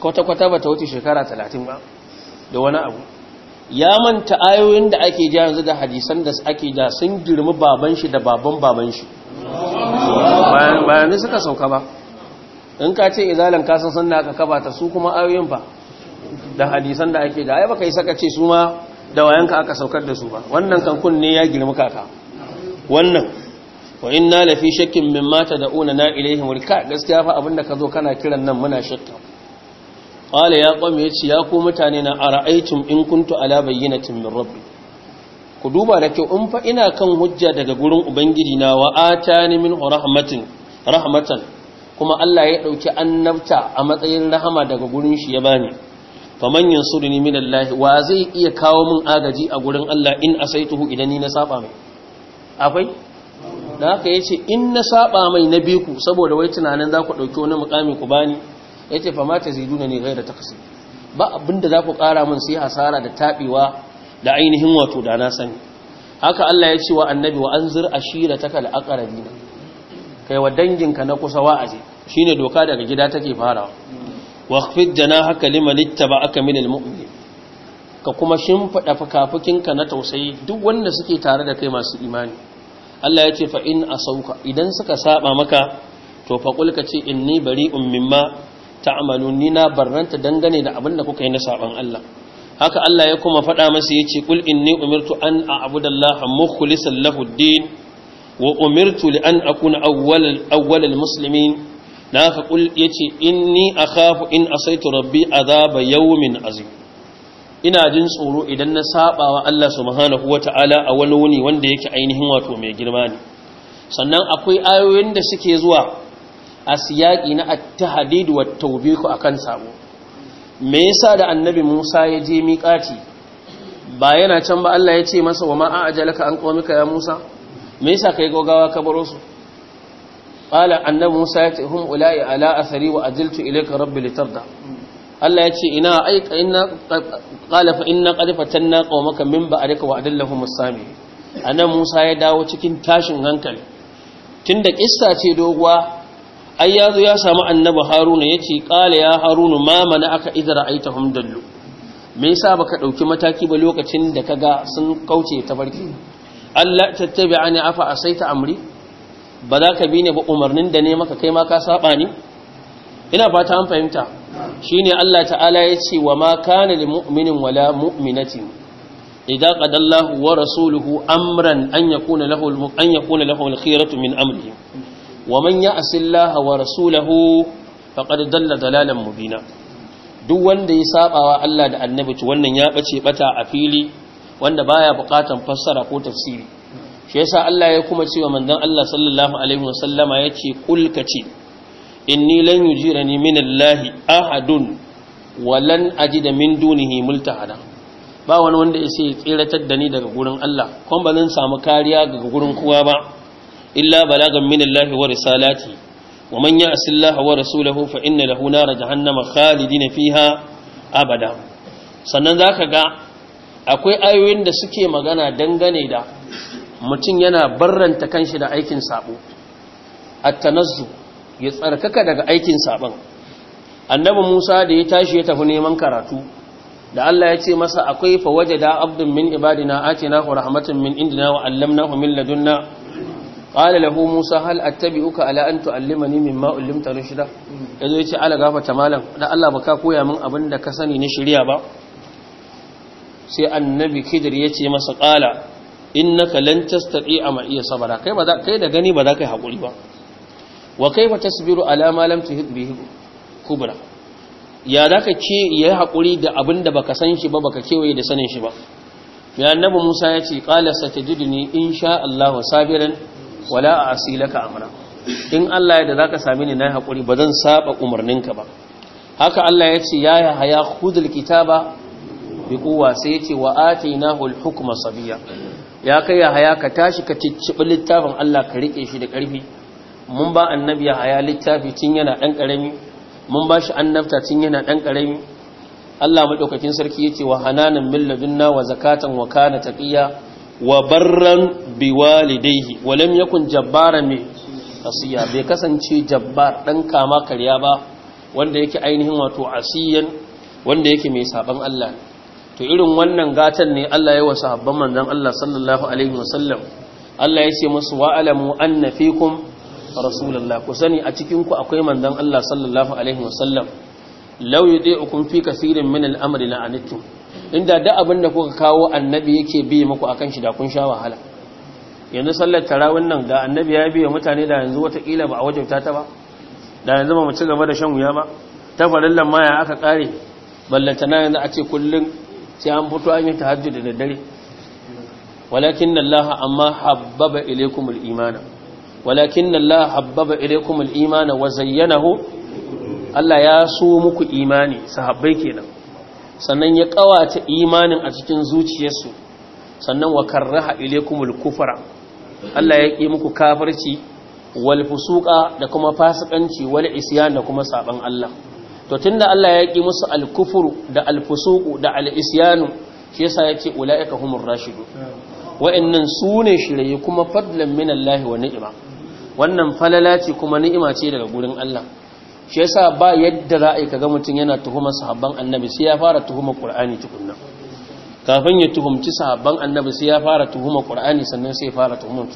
kwata-kwata ba ta wuce shekara talatin ba da wani abu ya manta ayoyin da ake ja yanzu da hadisan da ake ja sun girmi baban shi da baban baban shi bayanai suka sauka ba in ka ce izalan kasan sanda aka kafa ta su kuma ayoyin fa da hadisan da ake da ai baka yi saka ce su ma da wayanka aka saukar da su ba wannan kan kunne ya girma kaka wannan wa inna la fi shakkin mimma tad'una na ilayhi mulka gaskiya fa abinda ka zo kana kiran nan muna shakka qala ya ya yace ya ku mutane na ara'aytum in kuntu ala bayyinatin min rabbi ku duba da kyau in fa ina kan hujja daga gurin ubangiji na wa atani min rahmatin rahmatan kuma Allah ya dauki annabta a matsayin rahama daga gurin shi ya bani faman yansuruni minallahi wa zai iya kawo min agaji a gurin Allah in asaituhu idan ni na saba mai akwai da haka yace in na saba mai na bi ku saboda wai tunanin za ku dauki wani mukami ku bani yace fa mata duna ne da takasi, ba abinda za ku kara min sai hasara da taɓewa da ainihin wato da na sani haka Allah ya ce wa annabi wa anzir ashirataka al-aqrabina kai wa danginka na kusa wa'azi shine doka daga gida take fara waqfid janahaka liman aka minal mu'minin ka kuma shimfada fukafukinka na tausayi duk wanda suke tare da kai masu imani Allah ya ce fa in asauka idan suka saba maka to fa kulka ce inni bari'un mimma ta'malun ni na barranta dangane da abin da kuka yi na saban Allah haka Allah ya kuma faɗa masa yace kul inni umirtu an a'budallaha mukhlishan lahu ad-din wa umirtu li an akuna awwalal awwalal muslimin na haka kul yace inni akhafu in asaitu rabbi azaba yawmin azim ina jin tsoro idan na saba wa Allah subhanahu wataala a wani wuni wanda yake ainihin wato mai girma ne sannan akwai ayoyin da suke zuwa a siyaki na at-tahdid wa at-tawbiku akan sabo me yasa da annabi Musa ya je miƙaci? ba yana can ba Allah ya ce masa wa ma ajalaka an qawmika ya Musa me yasa kai gogawa ka baro su qala annabi musa ya ce hum ulai ala athari wa ajiltu ilayka rabbi litarda Allah ya ce ina aika inna qala fa inna qad fatanna qaumaka min ba'dika wa adallahum as-sami annabi musa ya dawo cikin tashin hankali tunda kissa ce doguwa ai ya ya samu annabi haruna ya ce ƙala ya haruna ma mana aka idara aita hum dallu me yasa baka ɗauki mataki ba lokacin da kaga sun kauce ta barki Allah tattabi ani afa asaita amri ba za ka bi ne ba umarnin da ne maka kai ma ka saba ni ina fata an fahimta shine Allah ta'ala ya ce wa ma kana lil mu'minin wala mu'minatin idza qadallahu wa rasuluhu amran an yakuna lahu an yakuna lahu al khiyaratu min amrihi wa man ya'si Allah wa rasulahu faqad dalla dalalan mubina duk wanda ya wa Allah da annabi wannan ya bace bata a fili wanda baya bukatan fassara ko tafsiri shi yasa Allah ya kuma cewa manzon Allah sallallahu alaihi wasallama yace kul kace inni lan yujirani minallahi ahadun lan ajida min dunihi multahada ba wani wanda yace tsiratar da ni daga gurin Allah ko ba zan samu kariya daga gurin kowa ba illa balagan minallahi wa risalati wa man ya'si Allah wa rasulahu fa inna lahu nar jahannama khalidina fiha abada sannan zaka ga akwai ayoyin da suke magana dangane da mutum yana barranta kanshi da aikin sabo A tanazzu ya tsarkaka daga aikin sabon annabi Musa da ya tashi ya tafi neman karatu da Allah ya ce masa akwai fa da abdun min ibadina ku rahmatan min indina wa allamnahu min ladunna qala lahu Musa hal uka ala an tu'allimani min ullimta rushda yazo ya ce ala gafata malam da Allah baka koya min abin da ka sani na shirya ba sai annabi Khidir ya ce masa ƙala. innaka lan tastati'a ma iya sabara kai ba kai da gani ba za kai hakuri ba wa kaifa tasbiru ala ma lam tuhit bihi kubra ya za ka ce yayi hakuri da abinda baka san shi ba baka kewaye da sanin shi ba ya annabi Musa ya ce qala satajidni insha Allah sabiran wala asilaka amra in Allah ya da zaka sami ni nayi hakuri ba zan saba umarninka ba haka Allah ya ce ya ya haya khudul kitaba bi quwwa sai ya ce wa atainahu al-hukma ya kai haya ka tashi ka cicciɓi littafin Allah ka riƙe shi da ƙarfi mun ba annabi haya littafi tun yana ɗan ƙarami mun ba shi annabta tun yana ɗan ƙarami Allah ɗaukakin sarki yace wa hananan min ladunna wa zakatan wa kana taqiya wa barran bi walidayhi wa lam yakun jabbaran mai asiya bai kasance jabbar dan kama karya ba wanda yake ainihin wato asiyan wanda yake mai saban Allah to irin wannan gatan ne Allah ya wasa habban manzon Allah sallallahu alaihi wasallam Allah ya ce musu wa'alamu anna fikum rasulullah ku sani a cikin ku akwai manzan Allah sallallahu alaihi wasallam law yudi'ukum fi kaseerin min al-amri la'anittum inda da abin da kuka kawo annabi yake bi muku akan shi da kun sha wahala yanzu sallar tarawih nan da annabi ya biya mutane da yanzu watakila ba a wajabta ta ba da yanzu ba ci gaba da shan wuya ba ta farillan aka kare ballantana yanzu a ce kullum sai an fito an yi tahajjud da dare walakin Allah amma habbaba ilekumul imana walakin Allah habbaba ilekumul imana wa zayyanahu Allah ya so muku imani sahabbai kenan sannan ya kawata imanin a cikin zuciyarsu sannan wa karraha ilekumul kufra Allah ya ki muku kafirci wal fusuqa da kuma fasikanci wal isyan da kuma saban Allah to tunda Allah ya ki musu al kufuru da al da al-isyanu shi yasa yace ulaika humur rashidu wa'annan sune shirayi kuma fadlan min Allah wa ni'ima. wannan falala ce kuma ni'ima ce daga gurin Allah shi yasa ba yadda za a yi kaga mutum yana tuhumar sahabban annabi sai ya fara tuhumar qur'ani tukunna kafin ya tuhumci sahabban annabi sai ya fara tuhumar qur'ani sannan sai ya fara tuhumar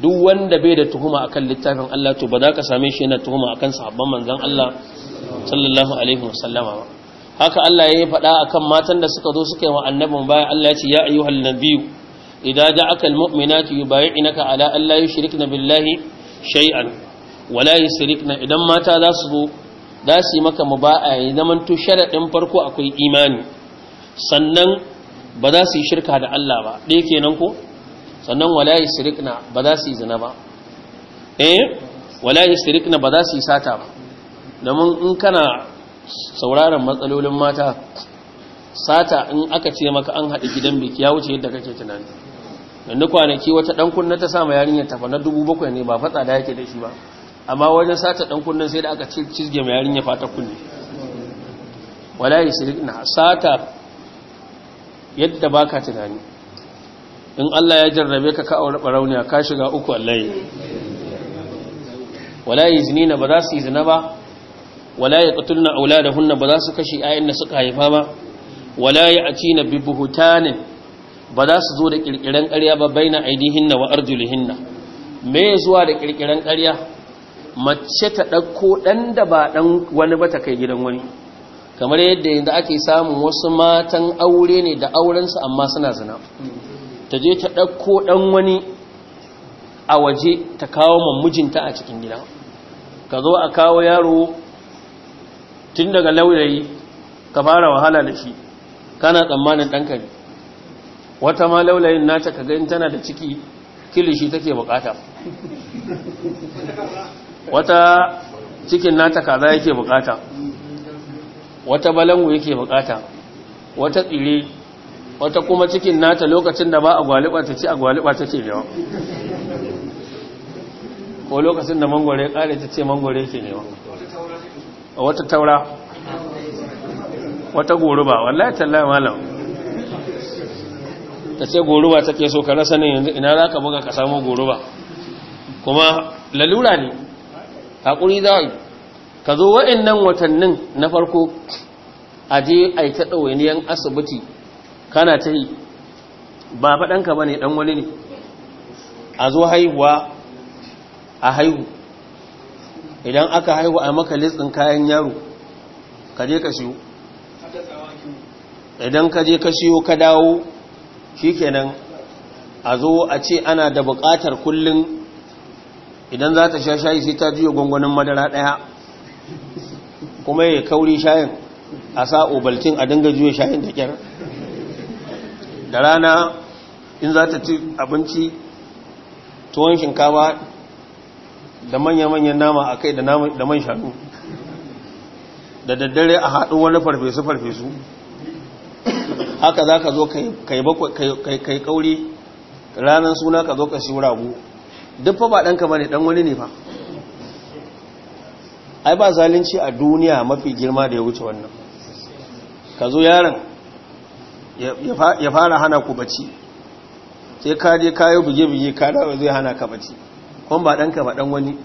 duk wanda bai da tuhuma akan littafin Allah to ba za ka same shi yana tuhuma akan sahabban manzon Allah sallallahu alaihi wasallama ba haka Allah ya yi faɗa akan matan da suka zo suka yi wa annabin baya Allah ya ce ya ayyuhal nabiyyu idza ja'aka almu'minatu yubayyi'naka ala an la yushrikna billahi shay'an wa la yusrikna idan mata za su zo za su yi maka mubaya'i zaman to sharadin farko akwai imani sannan ba za su yi shirka da Allah ba ɗaya kenan ko sannan walayi sirikna ba za su yi zina ba eh walayi sirikna ba za su yi sata ba domin in kana sauraron matsalolin mata sata in aka ce maka an haɗi gidan biki ya wuce yadda kake tunani yanzu kwanaki wata ɗan kunna ta sama yarinyar tafa na dubu bakwai ne ba fata da yake da shi ba amma wajen sata ɗan sai da aka cizge mai yarinya fata kunne Walayi sirikna sata yadda ba ka tunani in Allah ya jarrabe ka ka barauniya ka shiga uku wallahi wala yi na ba za su yi zina ba wala yi da hunna ba za su kashi ayin da suka haifa ba wala yi ya'tina bi buhtanin ba za su zo da kirkiran ƙarya ba na baina hinna wa hinna. me zuwa da kirkiran ƙarya mace ta ɗauko ɗan da ba ɗan wani ba ta kai gidan wani kamar yadda yadda ake samun wasu matan aure ne da aurensu amma suna zina ta je ta ɗauko ɗan wani a waje ta kawo mamujinta a cikin gida ka zo a kawo yaro tun daga lauyayi ka fara wahala da shi kana tsammanin ɗankari wata ma laulayin nata ka gani tana da ciki kilishi take bukata wata cikin nata kaza yake bukata wata balangu yake bukata wata tsire wata kuma cikin nata lokacin da ba a gwaliba ta ce a gwaliba ta ce yawa ko lokacin da mangware ya kare ta ce mangware ke ne a wata taura wata goruba wallahi tallahi malam ta ce goruba ta ke so ka rasa ne yanzu ina za ka buga ka samu goruba kuma lalura ne haƙuri za ka zo wa'in nan watannin na farko a je a yi ta ɗawainiyan asibiti kana ta yi ba faɗanka ba ne ɗan wani ne a zo haihuwa a haihu idan aka haihu a maka listin kayan yaro ka je ka shiwu idan ka je ka shiwu ka dawo shi shikenan a zo a ce ana da buƙatar kullum idan za ta sha shayi sai ta juya gwangwanin madara ɗaya kuma ya kauri shayin a sa obaltin a dinga juya shayin da kyar da rana in za ta ci abinci tuwon shinkawa da manya-manyan nama a kai da man shanu da daddare a haɗu wani farfesu-farfesu haka za ka zo kai kauri ranar suna ka zo ka shi rago duk fa ba ɗanka ba ne ɗan wani ne ba ai ba zalunci a duniya mafi girma da ya wuce wannan ka zo yaron ya fara hana ku bacci sai ka je kayo buge-buge ka dawo zai hana ka bacci kuma ba ɗanka ba ɗan wani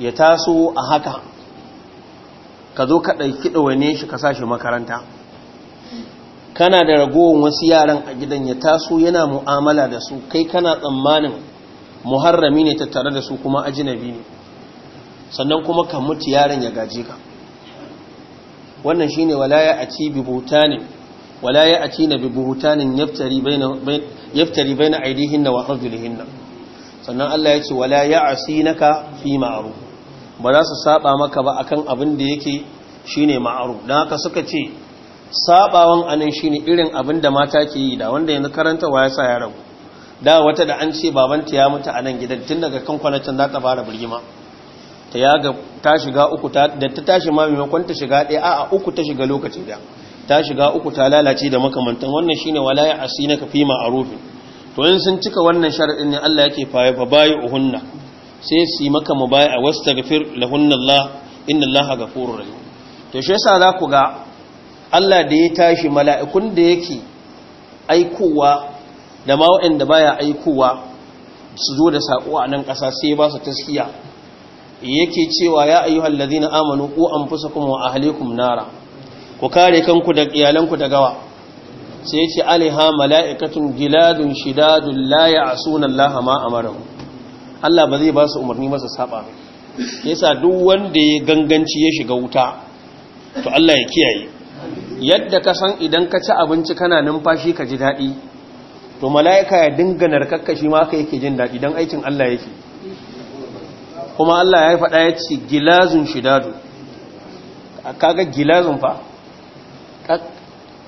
ya taso a haka ka zo ka ɗauki ɗawane shi ka sashi makaranta kana da ragowar wasu yaran a gidan ya taso yana mu'amala da su kai kana tsammanin muharrami ne tattare da su kuma ajinabi ne sannan kuma ka mutu yaran ya gaji ka wannan shine walaya a cibi ne. wala ya ati na bi buhutanin yaftari bai na aidihin na sannan Allah ya ce wala ya asi naka fi ma'aru ba za su saba maka ba akan abin da yake shine ma'aru don haka suka ce sabawan anan shine irin abin da mata ke yi da wanda yanzu karanta ya sa ya ragu da wata da an ce babanta ya mutu anan, gidan tun daga kan kwanacin za ta fara birgima ta yaga ta shiga uku da ta tashi ma maimakon ta shiga ɗaya a uku ta shiga lokaci da ta shiga uku ta lalace da makamantan wannan shine wala ya asinaka fi ma'rufin to in sun cika wannan sharadin ne Allah yake fa fa uhunna sai su yi maka mubai'a wastaghfir lahunna Allah inna Allah ghafurur rahim to shi yasa za ku ga Allah da ya tashi mala'ikun da yake aikowa da ma waɗanda baya aikowa su zo da saƙo a nan ƙasa sai ba su taskiya yake cewa ya ayyuhal ladina amanu ku anfusakum wa ahlikum nara ku kare kanku da iyalanku da gawa sai ya ce alaiha mala'ikatun giladun shidadun a sunan Lahama a amaru Allah ba zai ba su umarni masa saba yasa duk wanda ya ganganci ya shiga wuta to Allah ya kiyaye yadda ka san idan ka ci abinci kana numfashi ka ji daɗi to mala'ika ya dinga narkakkashi ma ka yake jin daɗi don aikin Allah yake kuma Allah ya faɗa ya ce gilazun shidadu kaga gilazun fa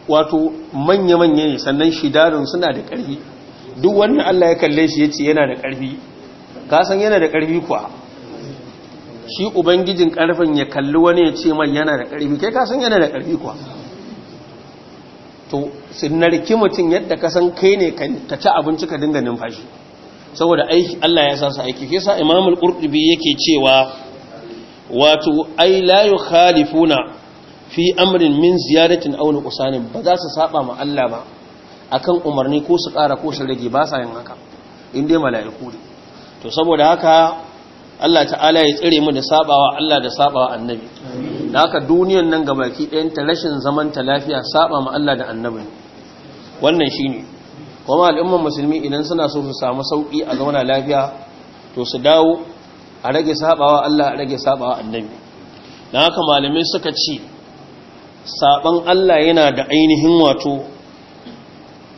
wato manya-manya ne sannan shidarin suna da ƙarfi duk wannan Allah ya kalle shi ya ce yana da ƙarfi kasan yana da ƙarfi kuwa shi ubangijin ƙarfin ya kalli wani ya ce mai yana da ƙarfi kai kasan yana da ƙarfi kuwa to sinarki mutum yadda kasan kai ne ka ci abinci ka dinga numfashi saboda aiki Allah ya sa su aiki ke sa imamul ƙurɗubi yake cewa wato ai la khalifuna fi amrin min ziyaratin aw nuqsanin ba za su saba ma Allah ba akan umarni ko su ƙara ko su rage ba sa yin haka in dai mala'iku ne to saboda haka Allah ta'ala ya tsire mu da sabawa Allah da sabawa annabi da haka duniyan nan ga baki ɗayan ta rashin zaman ta lafiya saba ma Allah da annabi wannan shine kuma al'ummar musulmi idan suna so su samu sauki a zauna lafiya to su dawo a rage sabawa Allah a rage sabawa annabi da haka malamai suka ce saban Allah yana da ainihin wato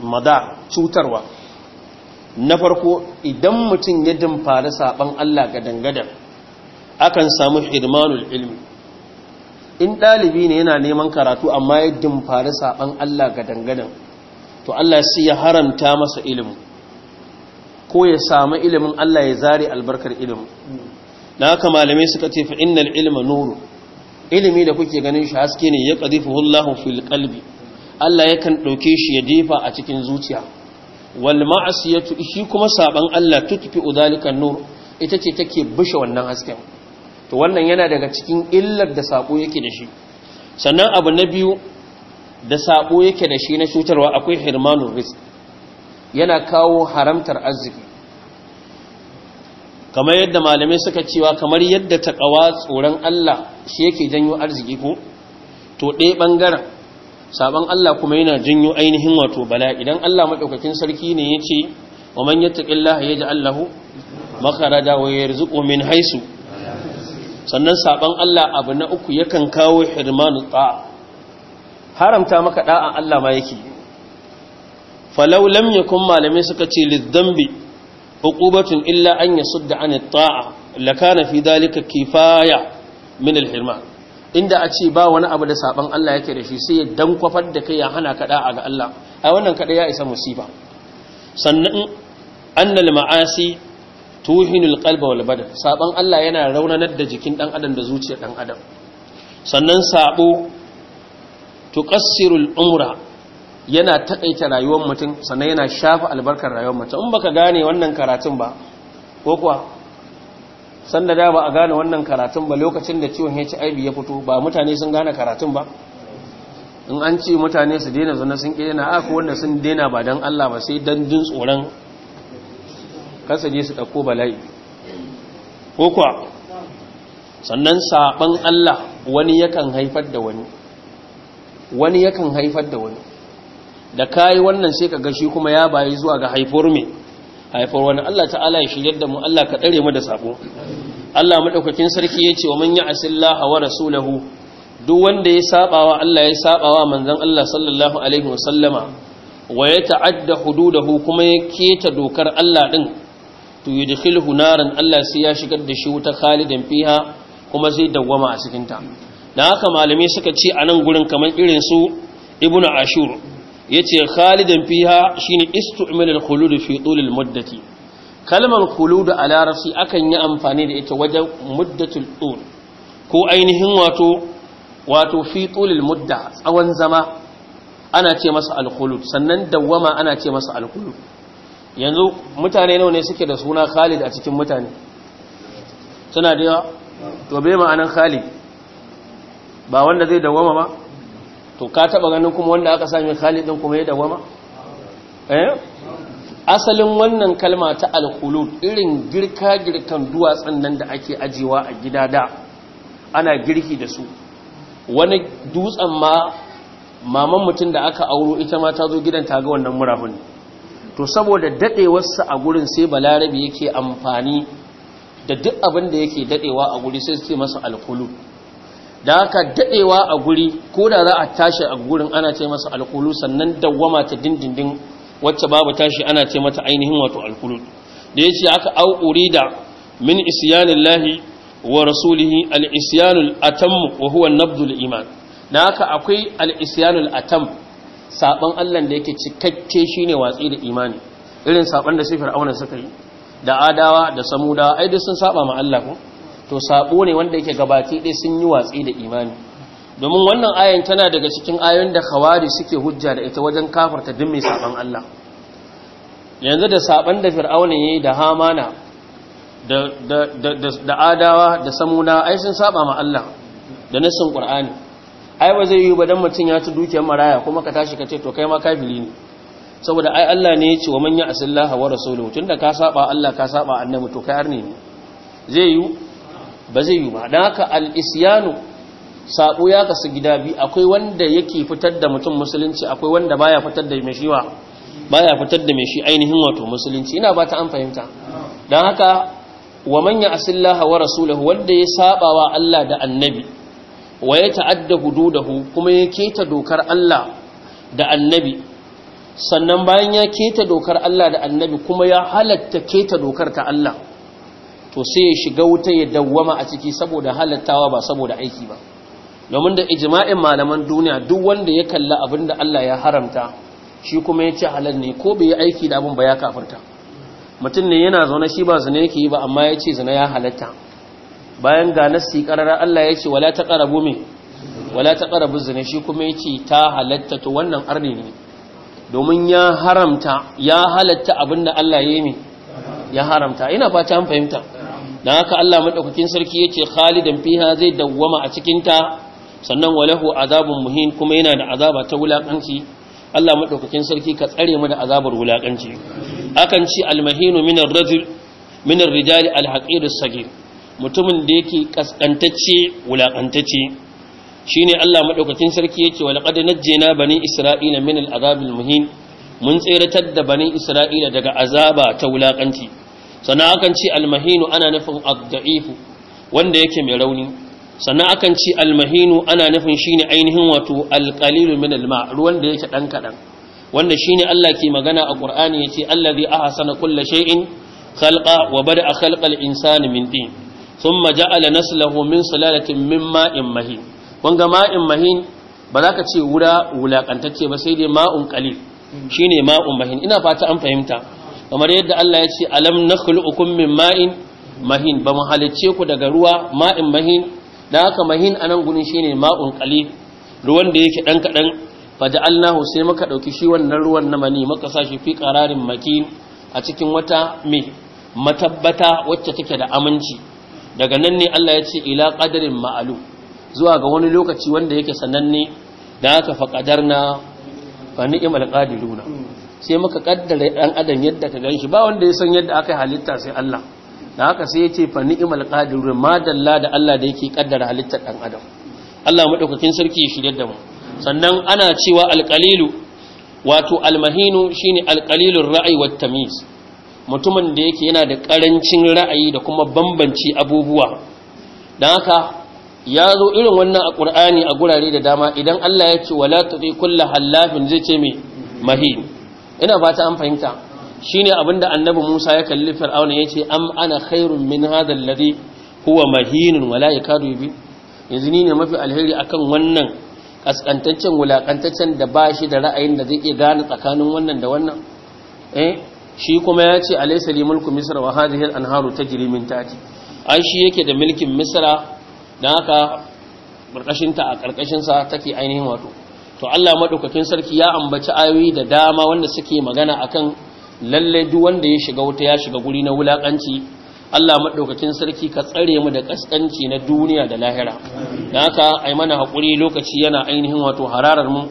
mada cutarwa na farko idan mutum ya dimfari saban Allah ga dangadar akan samu hidmanul ilmi in ɗalibi ne yana neman karatu amma ya dimfari saban Allah ga dangadar to Allah sai ya haramta masa ilmi ko ya samu ilimin Allah ya zare albarkar ilimi na haka malamai suka ce fa innal ilma nuru ilimi da kuke ganin shi haske ne ya kadifu fil qalbi Allah yakan dauke shi ya jefa a cikin zuciya wal ma'asiyatu shi kuma saban Allah tutfi udalikan nur ita ce take bushe wannan hasken to wannan yana daga cikin illar da sako yake da shi sannan abu na biyu da sako yake da shi na cutarwa akwai hirmanur rizq yana kawo haramtar arziki kamar yadda malamai suka cewa kamar yadda taqwa tsoron Allah shi yake janyo arziki ko to ɗaya ɓangaren sabon Allah kuma yana janyo ainihin wato bala idan Allah maɗaukakin sarki ne ya ce wa man ji allahu makara da waye yarzuqu min haisu sannan sabon Allah abu na uku yakan kawo hirmanu ta'a haramta maka ɗa'a Allah ma yake falau lam yakun malamai suka ce lidambi illa إلا da يصد عن ta'a lakana fi dalika kifaya min alhirma inda a ce ba wani abu da saban Allah yake da shi sai ya dankwafar da kai ya hana ka a ga Allah ai wannan kada ya isa musiba sannan annal ma'asi tuhinul qalba wal badan saban Allah yana raunanar da jikin dan adam da zuciyar dan adam sannan sabo tuqassirul umra yana takaita rayuwar mutum sannan yana shafa albarkar rayuwar mutum in baka gane wannan karatun ba ko kuwa sanda da ba a gane wannan karatun ba lokacin da ciwon HIV ya fito ba mutane sun gane karatun ba in an ce mutane su daina zuna sun kena aka wanda sun daina ba don Allah ba sai don jin tsoron kasa je su ɗauko bala'i ko kuwa sannan saɓan Allah wani yakan haifar da wani wani yakan haifar da wani da kayi wannan sai ka gashi kuma ya bayi zuwa ga haifar mai haifar wani Allah ta'ala ya shirye da mu Allah ka tsare mu da sako Allah madaukakin sarki yace wa man ya'sillaha wa rasulahu duk wanda ya sabawa Allah ya sabawa manzon Allah sallallahu alaihi wasallama wa ya ta'adda hududahu kuma ya keta dokar Allah din to yudkhiluhu naran Allah sai ya shigar da shi wuta khalidan fiha kuma zai dawwama a cikin ta dan haka malamai suka ce anan gurin kamar irin su ibnu ashur yace khalidan fiha shine istu'malul khulud fi tulil muddati kalmar khulud a larabci akan yi amfani da ita wajen muddatul tul ko ainihin wato wato fi tulil mudda tsawon zama ana ce masa al khulud sannan dawwama ana ce masa al khulud yanzu mutane nawa ne suke da suna Khalid a cikin mutane suna da to bai ma'anan Khalid ba wanda zai dawwama ba to ka taba ganin kuma wanda aka sami khalid din kuma ya dawama eh asalin wannan kalma ta alkhulud irin girka girkan duwatsan nan da ake ajiwa a gida da ana girki da su wani dutsen ma maman mutum da aka auro ita ma ta zo gidan ta ga wannan murahun to saboda dadewarsa a gurin sai balarabi yake amfani da duk abin da yake dadewa a guri sai su ce masa alkulu. da haka dadewa a guri ko da za a tashi a gurin ana ce masa alkulu sannan dawwama ta dindindin wacce babu tashi ana ce mata ainihin wato alkulu da yace aka au urida min isyanillahi wa rasulihi al-isyanul atam wa huwa nabdul iman da haka akwai al-isyanul atam saban Allah da yake cikakke shine watsi da imani irin saban da sifar auna suka yi da adawa da samuda ai duk sun saba ma Allah ko to sabo ne wanda yake gabaki ɗaya sun yi watsi da imani domin wannan ayan tana daga cikin ayoyin da khawari suke hujja da ita wajen kafarta duk mai saban Allah yanzu da saban da fir'auna yayi da hamana da da da adawa da samuna ai sun saba ma Allah da nassin qur'ani ai ba zai yi ba dan mutun ya ci dukiyar maraya kuma ka tashi ka ce to kai ma kafiri ne saboda ai Allah ne ya ce wa man ya asillaha wa rasuluhu tunda ka saba Allah ka saba annabi to kai arne ne zai yi ba zai yi ba don haka alisiyanu saɓo ya kasu gida biyu akwai wanda yake fitar da mutum musulunci akwai wanda baya fitar da mai shiwa baya fitar da mai shi ainihin wato musulunci ina ba ta an fahimta don haka wa manya asillaha wa rasulahu wanda ya saba wa Allah da annabi wa ya ta'adda hududahu kuma ya keta dokar Allah da annabi sannan bayan ya keta dokar Allah da annabi kuma ya halatta keta dokar ta Allah to sai ya shiga wuta ya dawwama a ciki saboda halattawa ba saboda aiki ba domin da ijma'in malaman duniya duk wanda ya kalla abin da Allah ya haramta shi kuma ya ce halal ne ko bai yi aiki da abin ba ya kafirta mutum ne yana zaune shi ba zina yake yi ba amma ya ce zina ya halatta bayan ga nasi karara Allah ya ce wala ta karabu me wala ta karabu zina shi kuma ya ce ta halatta to wannan arni ne domin ya haramta ya halatta abin da Allah ya yi ya haramta ina fata an fahimta Na haka Allah madaukakin sarki yace khalidan fiha zai dawwama a cikin ta sannan walahu azabun muhin kuma yana da azaba ta wulakanci Allah madaukakin sarki ka tsare mu da azabar wulakanci akan ci almahinu min ar-rajul min ar-rijal al-haqir as-sagir mutumin da yake kaskantacce wulakantacce shine Allah madaukakin sarki yace wa laqad najjayna bani isra'ila min al muhin mun tseratar da bani isra'ila daga azaba ta wulakanci sannan akan ce almahinu ana nufin adda'ifu wanda yake mai rauni sannan akan ce almahinu ana nufin shine ainihin wato alqalilu min alma ruwan da yake dan kadan wanda shine Allah ke magana a Qur'ani yace allazi ahsana kulli shay'in khalqa wa bada'a khalqal insani min tin thumma ja'ala naslahu min sulalatin min ma'in mahin wanga ma'in mahin ba za ka ce wura wulakantacce ba sai dai ma'un qalil shine ma'un mahin ina fata an fahimta kamar yadda Allah ya ce alam nakhluqukum min ma'in mahin ba mu halicce ku daga ruwa ma'in mahin dan haka mahin anan gurin shine ma'un qalil ruwan da yake dan kadan faja'alnahu sai muka dauki shi wannan ruwan na mani muka sashi fi qararin makin a cikin wata mai matabbata wacce take da aminci daga nan ne Allah ya ce ila qadarin ma'alu zuwa ga wani lokaci wanda yake sananne dan haka faqadarna fa ni'mal qadiruna sai muka ƙaddara dan adam yadda ka ganshi ba wanda ya san yadda aka halitta sai Allah da haka sai yace fa ni'mal qadirun ma dalla da Allah da yake kaddara halittar dan adam Allah madaukakin sarki ya shirye da mu sannan ana cewa alqalilu wato almahinu shine alqalilur ra'ayi wat tamyiz mutumin da yake yana da karancin ra'ayi da kuma bambanci abubuwa dan haka ya zo irin wannan a qur'ani a gurare da dama idan Allah ya ce wala tuqi kullu hallafin zai ce me mahin ina fata an fahimta shine abinda annabi Musa ya kalli Fir'auna ce an ana khairun min hadha alladhi huwa mahinun wala yakadu bi yanzu ni ne mafi alheri akan wannan kaskantaccen wulakantaccen da ba shi da ra'ayin da zai iya gane tsakanin wannan da wannan eh shi kuma ya ce alaysa mulku misra wa hadhihi al-anharu tajri min tahti ai shi yake da mulkin misra dan haka barkashinta a karkashin sa take ainihin wato to Allah madaukakin sarki ya ambaci ayoyi da dama wanda suke magana akan lalle duk wanda ya shiga wuta ya shiga guri na wulakanci Allah madaukakin sarki ka tsare mu da kaskanci na duniya da lahira dan haka ai mana hakuri lokaci yana ainihin wato hararar mu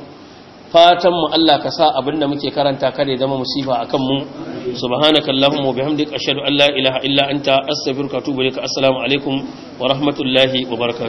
fatan mu Allah ka sa abinda muke karanta kada ya zama musiba akan mu subhanakallahumma wa bihamdika ashhadu an la ilaha illa anta astaghfiruka wa atubu ilaik assalamu alaikum wa rahmatullahi wa
barakatuh